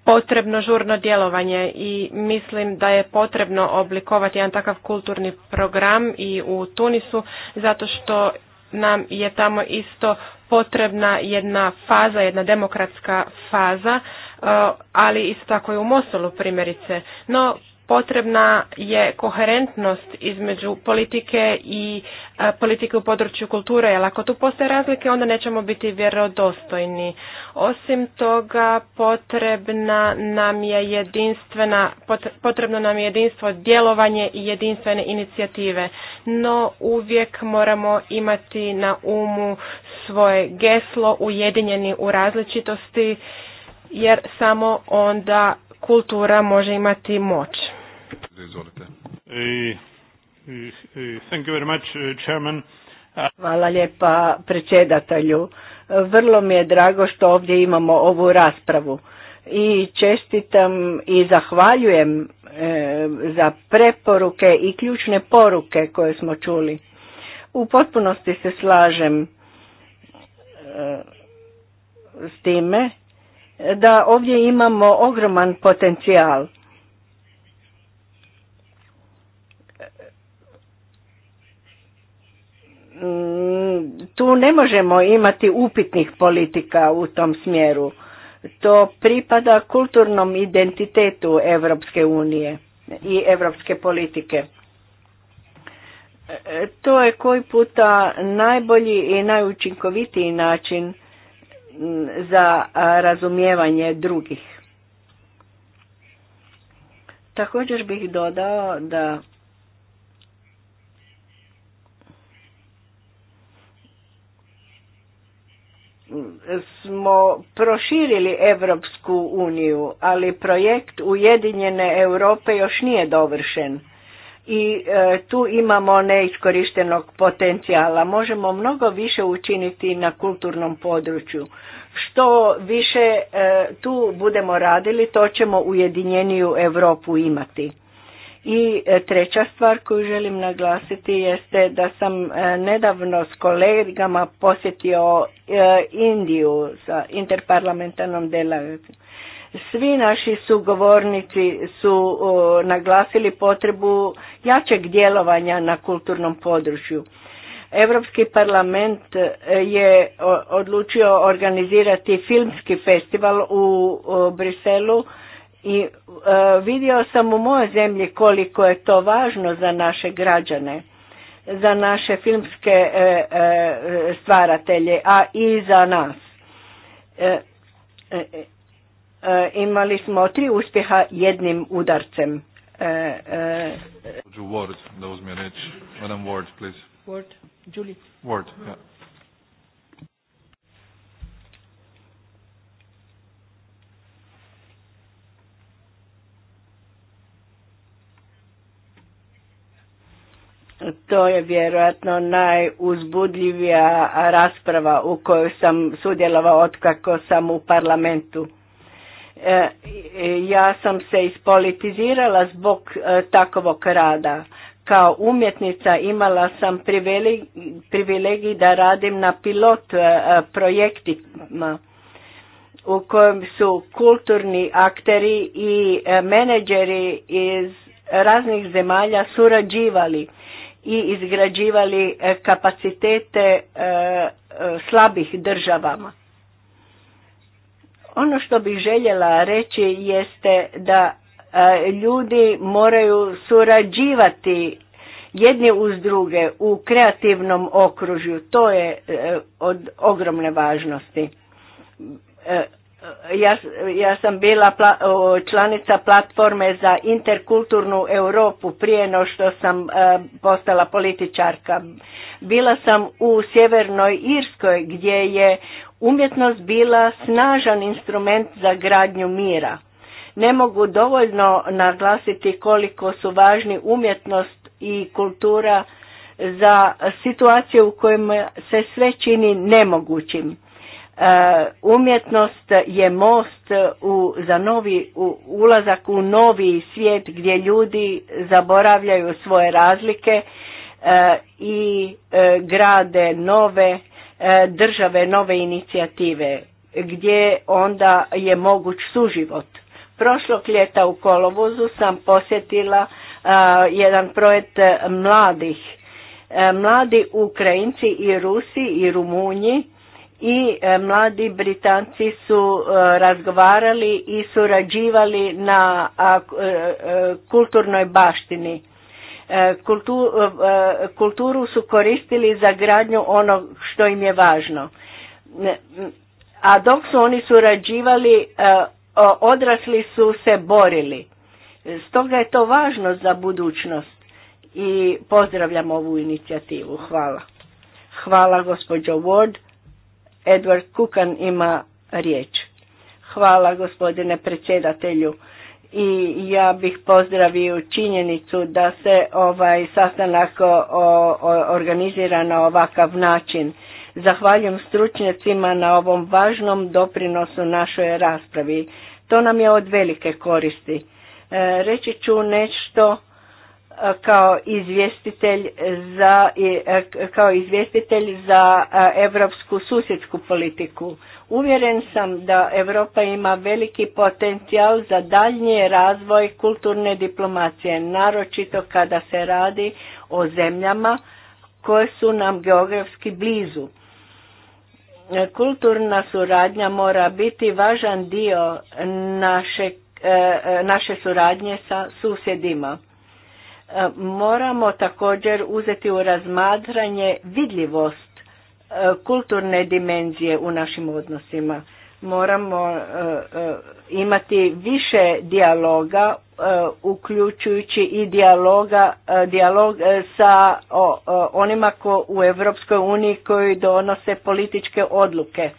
potrebno žurno djelovanje i mislim da je potrebno oblikovati jedan takav kulturni program i u Tunisu zato što nam je tamo isto potrebna jedna faza, jedna demokratska faza, eh, ali isto tako i u Mosolu primjerice. No potrebna je koherentnost između politike i e, politike u području kulture, jer ako tu postoje razlike, onda nećemo biti vjerodostojni. Osim toga, potrebna nam je jedinstvena, potrebno nam je jedinstvo djelovanje i jedinstvene inicijative, no uvijek moramo imati na umu svoje geslo ujedinjeni u različitosti, jer samo onda kultura može imati moć. Hvala lijepa predsjedatelju. Vrlo mi je drago što ovdje imamo ovu raspravu i čestitam i zahvaljujem e, za preporuke i ključne poruke koje smo čuli. U potpunosti se slažem e, s time da ovdje imamo ogroman potencijal Mm, tu ne možemo imati upitnih politika u tom smjeru. To pripada kulturnom identitetu Europske unije i europske politike. E, to je koji puta najbolji i najučinkovitiji način mm, za razumijevanje drugih. Također bih dodao da smo proširili Europsku uniju, ali projekt Ujedinjene Europe još nije dovršen. I e, tu imamo neiskorištenog potencijala. Možemo mnogo više učiniti na kulturnom području. Što više e, tu budemo radili, to ćemo ujedinjeniju Europu imati. I e, treća stvar koju želim naglasiti jeste da sam e, nedavno s kolegama posjetio e, Indiju sa interparlamentarnom delavicom Svi naši sugovornici su naglasili potrebu jačeg djelovanja na kulturnom području. Europski parlament je odlučio organizirati filmski festival u Briselu i e, vidio sam u mojoj zemlji koliko je to važno za naše građane, za naše filmske e, e, stvaratelje, a i za nas. Imali smo tri uspjeha jednim udarcem. To je vjerojatno najuzbudljivija rasprava u kojoj sam sudjelovao otkako sam u parlamentu. E, ja sam se ispolitizirala zbog e, takovog rada. Kao umjetnica imala sam privilegij da radim na pilot e, projektima u kojem su kulturni akteri i menedžeri iz raznih zemalja surađivali i izgrađivali e, kapacitete e, e, slabih državama. Ono što bih željela reći jeste da ljudi moraju surađivati jedni uz druge u kreativnom okružju. To je od ogromne važnosti ja, ja sam bila članica platforme za interkulturnu Europu prije no što sam e, postala političarka. Bila sam u sjevernoj Irskoj gdje je umjetnost bila snažan instrument za gradnju mira. Ne mogu dovoljno naglasiti koliko su važni umjetnost i kultura za situacije u kojima se sve čini nemogućim Uh, umjetnost je most uh, u, za novi ulazak u novi svijet gdje ljudi zaboravljaju svoje razlike uh, i grade nove države, nove inicijative gdje onda je moguć suživot. Prošlog ljeta u Kolovozu sam posjetila jedan projekt mladih. Mladi Ukrajinci i Rusi i Rumunji i e, mladi Britanci su e, razgovarali i surađivali na e, kulturnoj baštini. Kulturu su koristili za gradnju onog što im je važno. A dok su oni surađivali, odrasli su se borili. Stoga je to važno za budućnost i pozdravljam ovu inicijativu. Hvala. Hvala gospođo Ward. Edward Kukan ima riječ. Hvala gospodine predsjedatelju i ja bih pozdravio činjenicu da se ovaj sastanak organizira na ovakav način. Zahvaljujem stručnjacima na ovom važnom doprinosu našoj raspravi. To nam je od velike koristi. E, reći ću nešto kao izvjestitelj za, e, kao izvjestitelj za europsku susjedsku politiku. Uvjeren sam da Europa ima veliki potencijal za daljnji razvoj kulturne diplomacije, naročito kada se radi o zemljama koje su nam geografski blizu. E, kulturna suradnja mora biti važan dio naše, e, naše suradnje sa susjedima E, moramo također uzeti u razmatranje vidljivost e, kulturne dimenzije u našim odnosima. Moramo e, imati više dijaloga, uključujući i dijaloga, dijalog sa onima ko u Europskoj uniji koji donose političke odluke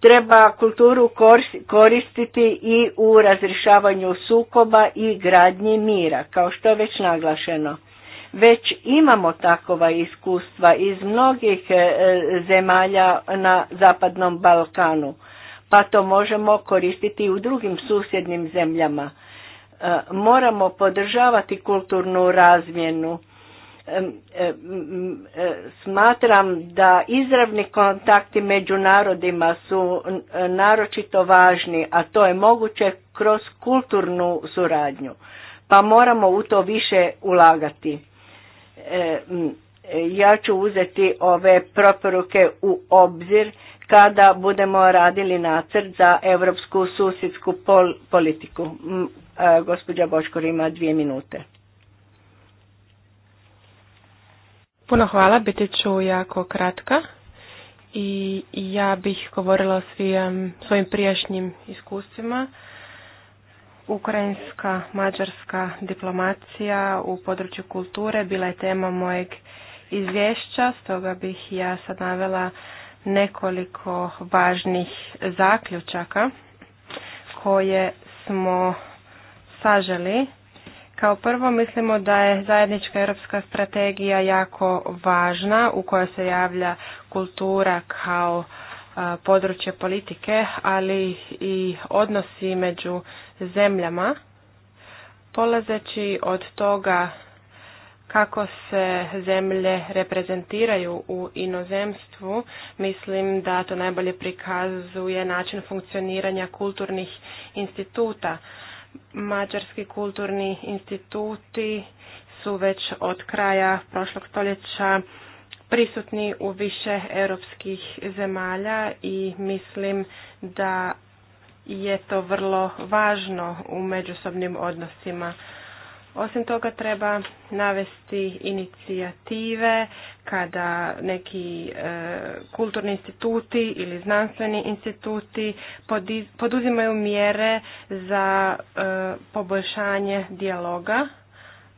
Treba kulturu koristiti i u razrješavanju sukoba i gradnji mira, kao što je već naglašeno. Već imamo takova iskustva iz mnogih e, zemalja na Zapadnom Balkanu, pa to možemo koristiti i u drugim susjednim zemljama. E, moramo podržavati kulturnu razmjenu Smatram da izravni kontakti među narodima su naročito važni, a to je moguće kroz kulturnu suradnju. Pa moramo u to više ulagati. Ja ću uzeti ove proporuke u obzir kada budemo radili nacrt za europsku susjedsku politiku. E, gospođa Boškor ima dvije minute. Puno hvala, biti ću jako kratka i ja bih govorila o svojim prijašnjim iskustvima. Ukrajinska, mađarska diplomacija u području kulture bila je tema mojeg izvješća, stoga bih ja sad navela nekoliko važnih zaključaka koje smo saželi kao prvo mislimo da je zajednička europska strategija jako važna u kojoj se javlja kultura kao e, područje politike, ali i odnosi među zemljama. Polazeći od toga kako se zemlje reprezentiraju u inozemstvu, mislim da to najbolje prikazuje način funkcioniranja kulturnih instituta. Mađarski kulturni instituti su već od kraja prošlog stoljeća prisutni u više europskih zemalja i mislim da je to vrlo važno u međusobnim odnosima osim toga treba navesti inicijative kada neki e, kulturni instituti ili znanstveni instituti poduzimaju mjere za e, poboljšanje dijaloga,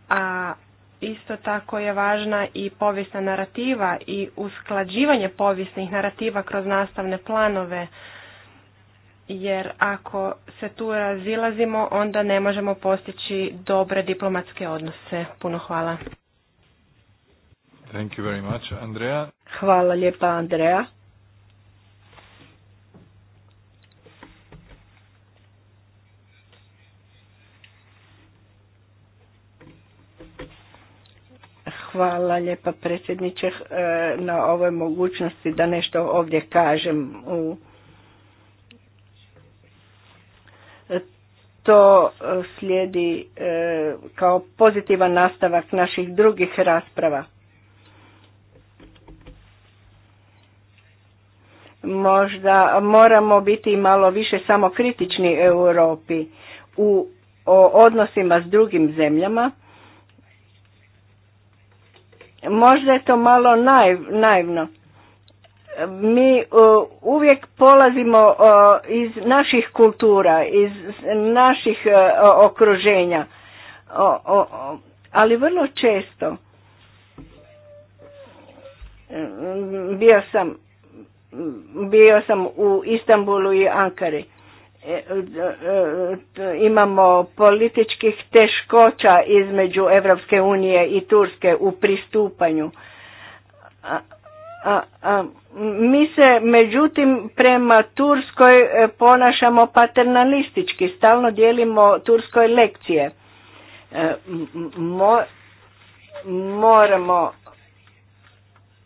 a isto tako je važna i povijesna narativa i usklađivanje povijesnih narativa kroz nastavne planove jer ako se tu razilazimo, onda ne možemo postići dobre diplomatske odnose. Puno hvala. Thank you very much, Andrea. Hvala lijepa, Andrea. Hvala lijepa predsjedniče e, na ovoj mogućnosti da nešto ovdje kažem u to e, slijedi e, kao pozitivan nastavak naših drugih rasprava. Možda moramo biti malo više samokritični Europi u o odnosima s drugim zemljama. Možda je to malo naiv, naivno mi e, uvijek polazimo e, iz naših kultura, iz naših e, okruženja, ali vrlo često bio sam bio sam u Istanbulu i Ankari. Imamo političkih teškoća između Evropske unije i Turske u pristupanju a, mi se međutim prema Turskoj e, ponašamo paternalistički, stalno dijelimo Turskoj lekcije. E, moramo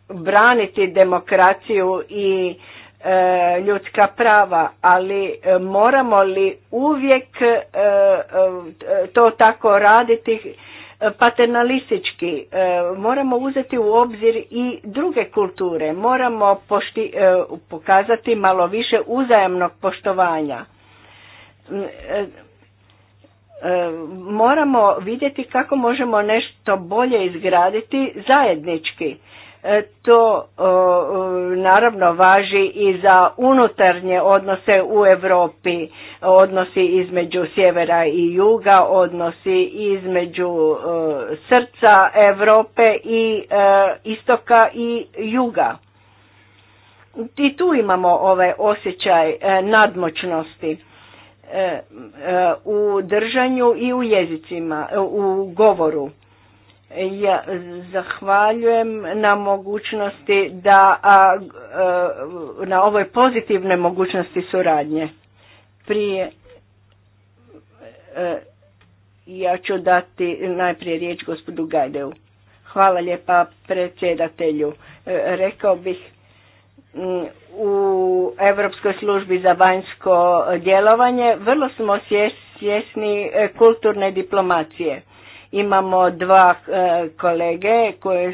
braniti demokraciju i e, ljudska prava, ali moramo li uvijek to tako raditi paternalistički. E, moramo uzeti u obzir i druge kulture. Moramo pošti, e, pokazati malo više uzajamnog poštovanja. Mm, e, moramo vidjeti kako možemo nešto bolje izgraditi zajednički E, to naravno važi i za unutarnje odnose u Europi, odnosi između sjevera i juga, odnosi između srca Europe i e, istoka i juga. I tu imamo ovaj osjećaj e, nadmoćnosti u držanju i u jezicima, u govoru. Ja zahvaljujem na mogućnosti da, a, na ovoj pozitivnoj mogućnosti suradnje. Prije e, ja ću dati najprije riječ gospodu Gajdeu. Hvala lijepa predsjedatelju. E, rekao bih u Europskoj službi za vanjsko djelovanje vrlo smo svjesni e, kulturne diplomacije Imamo dva e, kolege koje e,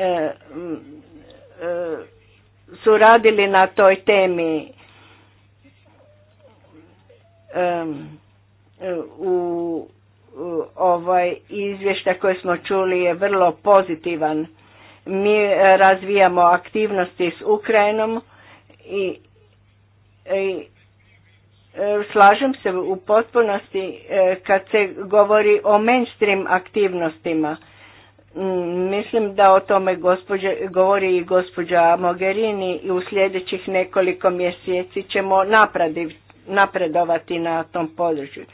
e, su, radili na toj temi u ovaj izvještaj koje smo čuli je vrlo pozitivan. Mi razvijamo aktivnosti s Ukrajinom i, i E, slažem se u potpunosti e, kad se govori o mainstream aktivnostima. Mm, mislim da o tome govori i gospođa Mogherini i u sljedećih nekoliko mjeseci ćemo napredovati na tom području.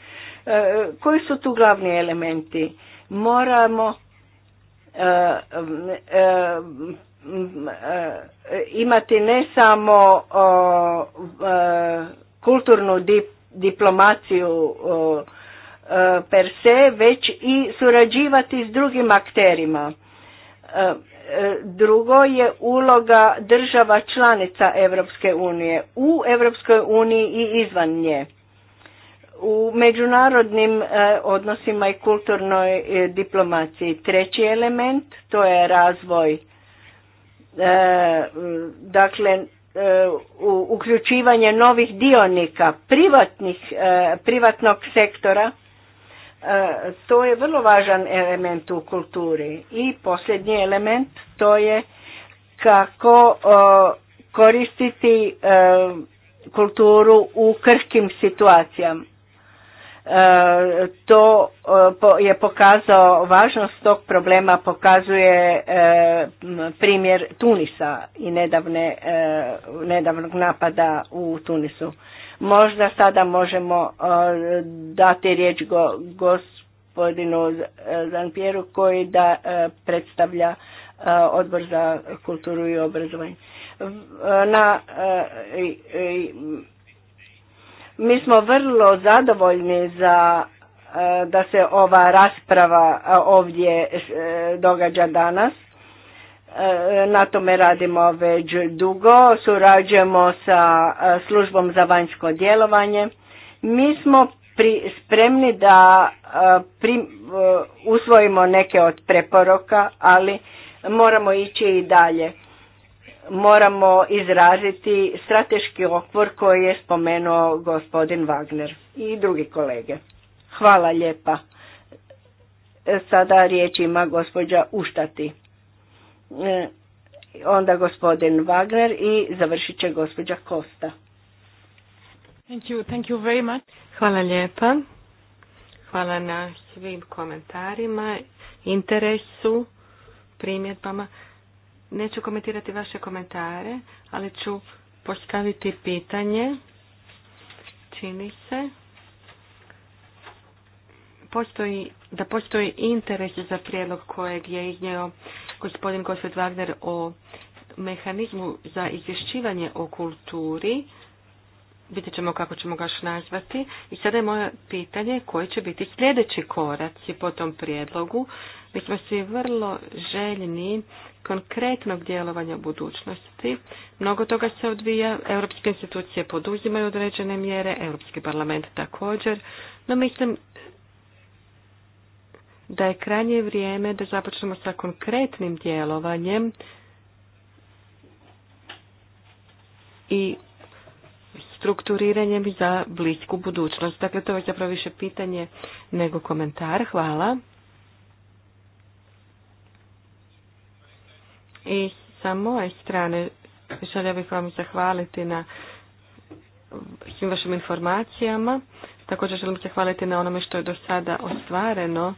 E, koji su tu glavni elementi? Moramo imati ne samo kulturnu diplomaciju per se, već i surađivati s drugim akterima. E, e, drugo je uloga država članica Europske unije u Europskoj uniji i izvan nje. U međunarodnim e, odnosima i kulturnoj diplomaciji treći element, to je razvoj dakle E, uključivanje novih dionika e, privatnog sektora, e, to je vrlo važan element u kulturi. I posljednji element to je kako koristiti kulturu u krhkim situacijama. E, to e, je pokazao, važnost tog problema pokazuje e, primjer Tunisa i nedavne, nedavnog napada u Tunisu. Možda sada možemo dati riječ gospodinu Zanpjeru koji da predstavlja odbor za kulturu i obrazovanje. Na, mi smo vrlo zadovoljni za e, da se ova rasprava e, ovdje e, događa danas. Na tome radimo već dugo, surađujemo sa službom za vanjsko djelovanje. Mi smo spremni da usvojimo neke od preporoka, ali moramo ići i dalje moramo izraziti strateški okvor koji je spomenuo gospodin Wagner i drugi kolege. Hvala lijepa. Sada riječ ima gospođa Uštati. E, onda gospodin Wagner i završit će gospođa Kosta. Thank you, thank you very much. Hvala lijepa. Hvala na svim komentarima, interesu, primjedbama. Neću komentirati vaše komentare, ali ću postaviti pitanje. Čini se postoji, da postoji interes za prijedlog kojeg je iznio gospodin Gosvet Wagner o mehanizmu za izvješćivanje o kulturi. Vidjet ćemo kako ćemo ga nazvati. I sada je moje pitanje koji će biti sljedeći koraci po tom prijedlogu. Mi smo svi vrlo željni konkretnog djelovanja u budućnosti. Mnogo toga se odvija, europske institucije poduzimaju određene mjere, Europski parlament također, no mislim da je krajnje vrijeme da započnemo sa konkretnim djelovanjem i strukturiranjem za blisku budućnost. Dakle, to je zapravo više pitanje nego komentar. Hvala. I sa moje strane želio bih vam zahvaliti na svim vašim informacijama. Također želim zahvaliti na onome što je do sada ostvareno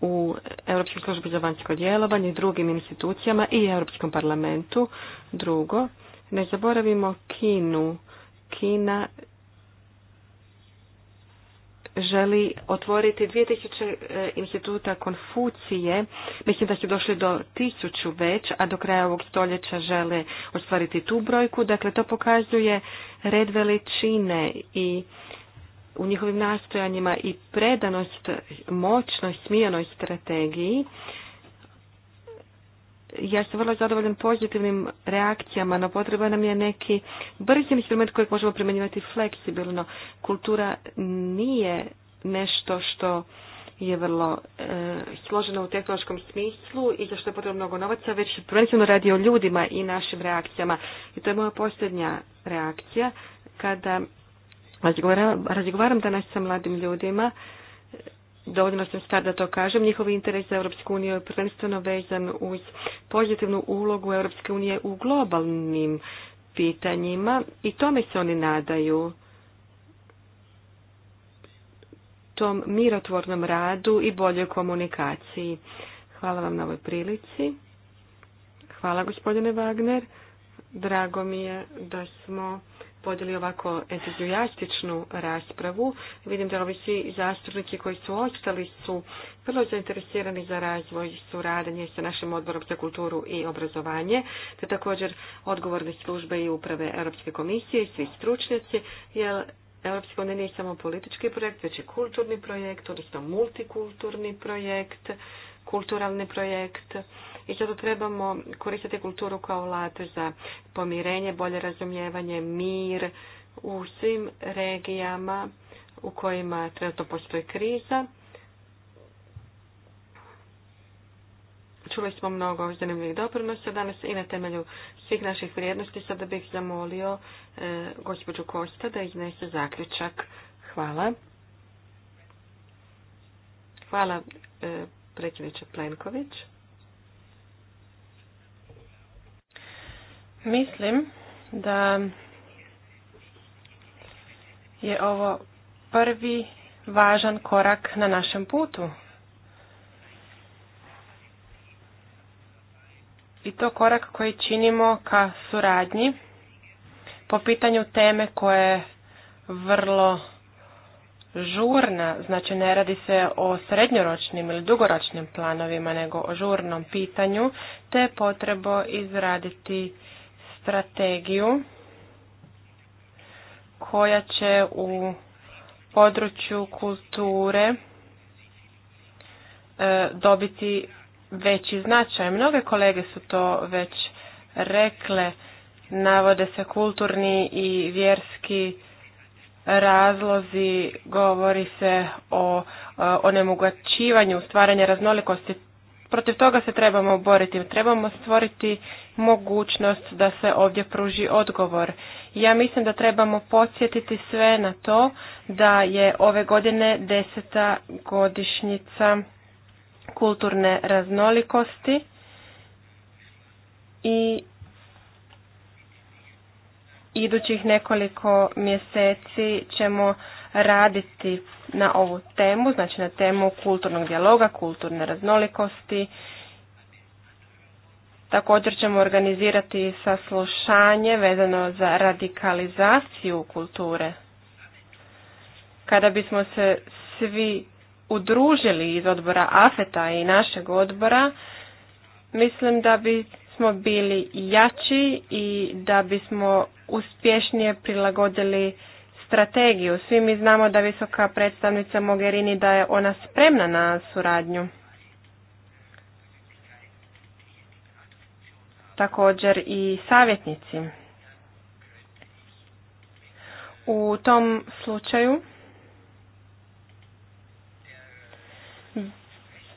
u Europskom službi za vanjsko djelovanje, drugim institucijama i Europskom parlamentu. Drugo, ne zaboravimo Kinu. Kina želi otvoriti 2000 e, instituta Konfucije. Mislim da su došli do tisuću već, a do kraja ovog stoljeća žele ostvariti tu brojku. Dakle, to pokazuje red veličine i u njihovim nastojanjima i predanost moćnoj smijenoj strategiji ja sam vrlo zadovoljan pozitivnim reakcijama, no potreba nam je neki brzi instrument kojeg možemo primjenjivati fleksibilno. Kultura nije nešto što je vrlo e, složeno u tehnološkom smislu i za što je potrebno mnogo novaca, već prvenstveno radi o ljudima i našim reakcijama. I to je moja posljednja reakcija kada razgovaram danas sa mladim ljudima dovoljno sam star da to kažem. Njihov interes za Europsku uniju je prvenstveno vezan uz pozitivnu ulogu Europske unije u globalnim pitanjima i tome se oni nadaju tom mirotvornom radu i boljoj komunikaciji. Hvala vam na ovoj prilici. Hvala gospodine Wagner. Drago mi je da smo vodili ovako entuzijastičnu raspravu. Vidim da ovi svi zastupnici koji su ostali su vrlo zainteresirani za razvoj suradnje sa našim odborom za kulturu i obrazovanje, te također odgovorne službe i uprave Europske komisije i svi stručnjaci, jer Europska unija nije samo politički projekt, već je kulturni projekt, odnosno multikulturni projekt, kulturalni projekt i zato trebamo koristiti kulturu kao alat za pomirenje, bolje razumijevanje, mir u svim regijama u kojima trenutno postoji kriza. Čuli smo mnogo zanimljivih doprinosa danas i na temelju svih naših vrijednosti. Sada bih zamolio e, gospođu Kosta da iznese zaključak. Hvala. Hvala e, predsjedniče Plenković. Mislim da je ovo prvi važan korak na našem putu. I to korak koji činimo ka suradnji po pitanju teme koja je vrlo žurna, znači ne radi se o srednjoročnim ili dugoročnim planovima, nego o žurnom pitanju, te potrebo izraditi strategiju koja će u području kulture e, dobiti veći značaj. Mnoge kolege su to već rekle, navode se kulturni i vjerski razlozi, govori se o e, onemogućivanju stvaranja raznolikosti protiv toga se trebamo boriti. Trebamo stvoriti mogućnost da se ovdje pruži odgovor. Ja mislim da trebamo podsjetiti sve na to da je ove godine deseta godišnjica kulturne raznolikosti i idućih nekoliko mjeseci ćemo raditi na ovu temu, znači na temu kulturnog dijaloga, kulturne raznolikosti. Također ćemo organizirati saslušanje vezano za radikalizaciju kulture. Kada bismo se svi udružili iz odbora AFETA i našeg odbora, mislim da bismo bili jači i da bismo uspješnije prilagodili strategiju. Svi mi znamo da visoka predstavnica Mogherini da je ona spremna na suradnju. Također i savjetnici. U tom slučaju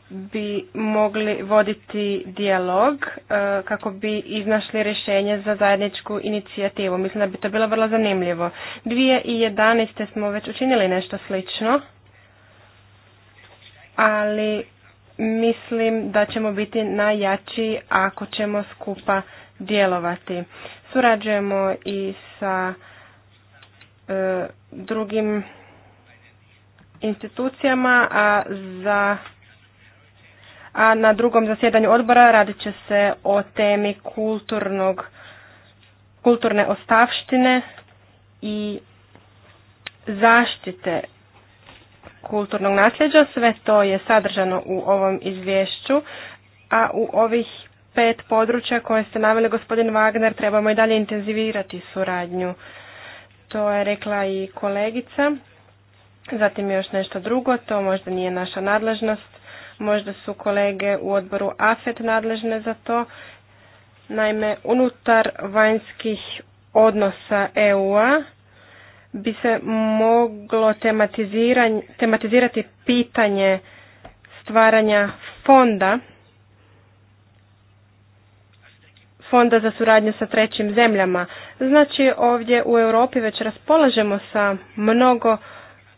bi mogli voditi dijalog e, kako bi iznašli rješenje za zajedničku inicijativu. Mislim da bi to bilo vrlo zanimljivo. 2011. smo već učinili nešto slično, ali mislim da ćemo biti najjači ako ćemo skupa djelovati. Surađujemo i sa e, drugim institucijama, a za a na drugom zasjedanju odbora radit će se o temi kulturnog, kulturne ostavštine i zaštite kulturnog nasljeđa. Sve to je sadržano u ovom izvješću, a u ovih pet područja koje ste naveli gospodin Wagner trebamo i dalje intenzivirati suradnju. To je rekla i kolegica. Zatim još nešto drugo, to možda nije naša nadležnost, Možda su kolege u odboru AFET nadležne za to. Naime, unutar vanjskih odnosa EU-a bi se moglo tematizirati pitanje stvaranja fonda fonda za suradnju sa trećim zemljama. Znači ovdje u Europi već raspolažemo sa mnogo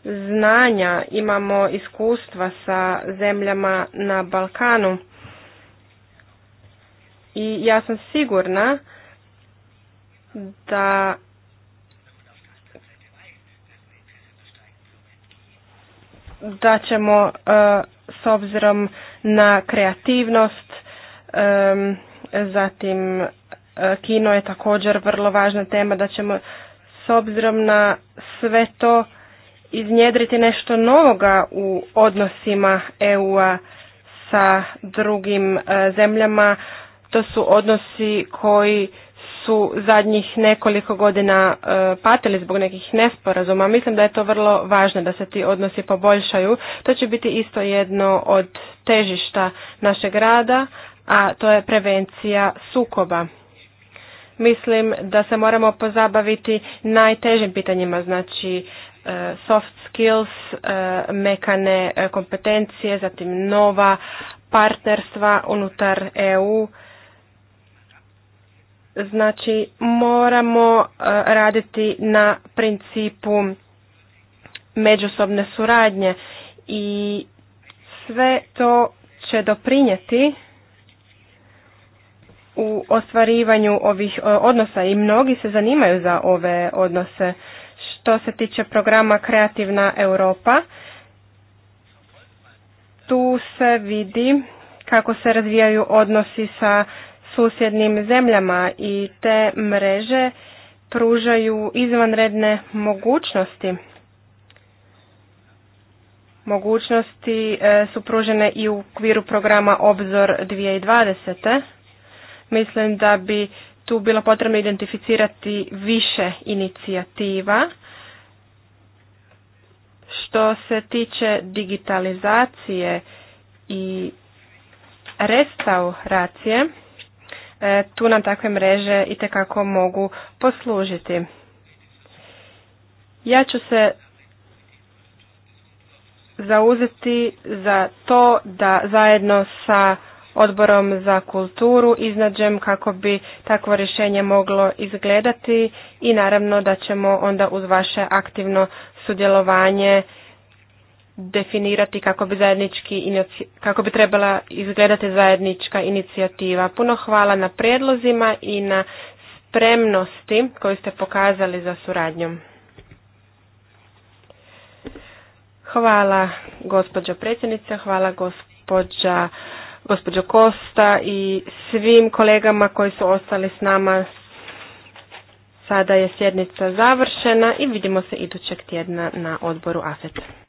znanja, imamo iskustva sa zemljama na Balkanu. I ja sam sigurna da da ćemo e, s obzirom na kreativnost, e, zatim e, kino je također vrlo važna tema, da ćemo s obzirom na sve to iznjedriti nešto novoga u odnosima EU-a sa drugim e, zemljama. To su odnosi koji su zadnjih nekoliko godina e, patili zbog nekih nesporazuma. Mislim da je to vrlo važno da se ti odnosi poboljšaju. To će biti isto jedno od težišta našeg rada, a to je prevencija sukoba. Mislim da se moramo pozabaviti najtežim pitanjima, znači E, soft skills, e, mekane e, kompetencije, zatim nova partnerstva unutar EU. Znači moramo raditi na principu međusobne suradnje i sve to će doprinjeti u ostvarivanju ovih odnosa i mnogi se zanimaju za ove odnose što se tiče programa Kreativna Europa. Tu se vidi kako se razvijaju odnosi sa susjednim zemljama i te mreže pružaju izvanredne mogućnosti. Mogućnosti e, su pružene i u okviru programa Obzor 2020. Mislim da bi tu bilo potrebno identificirati više inicijativa što se tiče digitalizacije i restauracije, e, tu nam takve mreže i kako mogu poslužiti. Ja ću se zauzeti za to da zajedno sa odborom za kulturu iznađem kako bi takvo rješenje moglo izgledati i naravno da ćemo onda uz vaše aktivno sudjelovanje definirati kako bi zajednički kako bi trebala izgledati zajednička inicijativa. Puno hvala na prijedlozima i na spremnosti koju ste pokazali za suradnjom. Hvala gospođo predsjednice, hvala gospođa gospođo Kosta i svim kolegama koji su ostali s nama. Sada je sjednica završena i vidimo se idućeg tjedna na odboru AFET.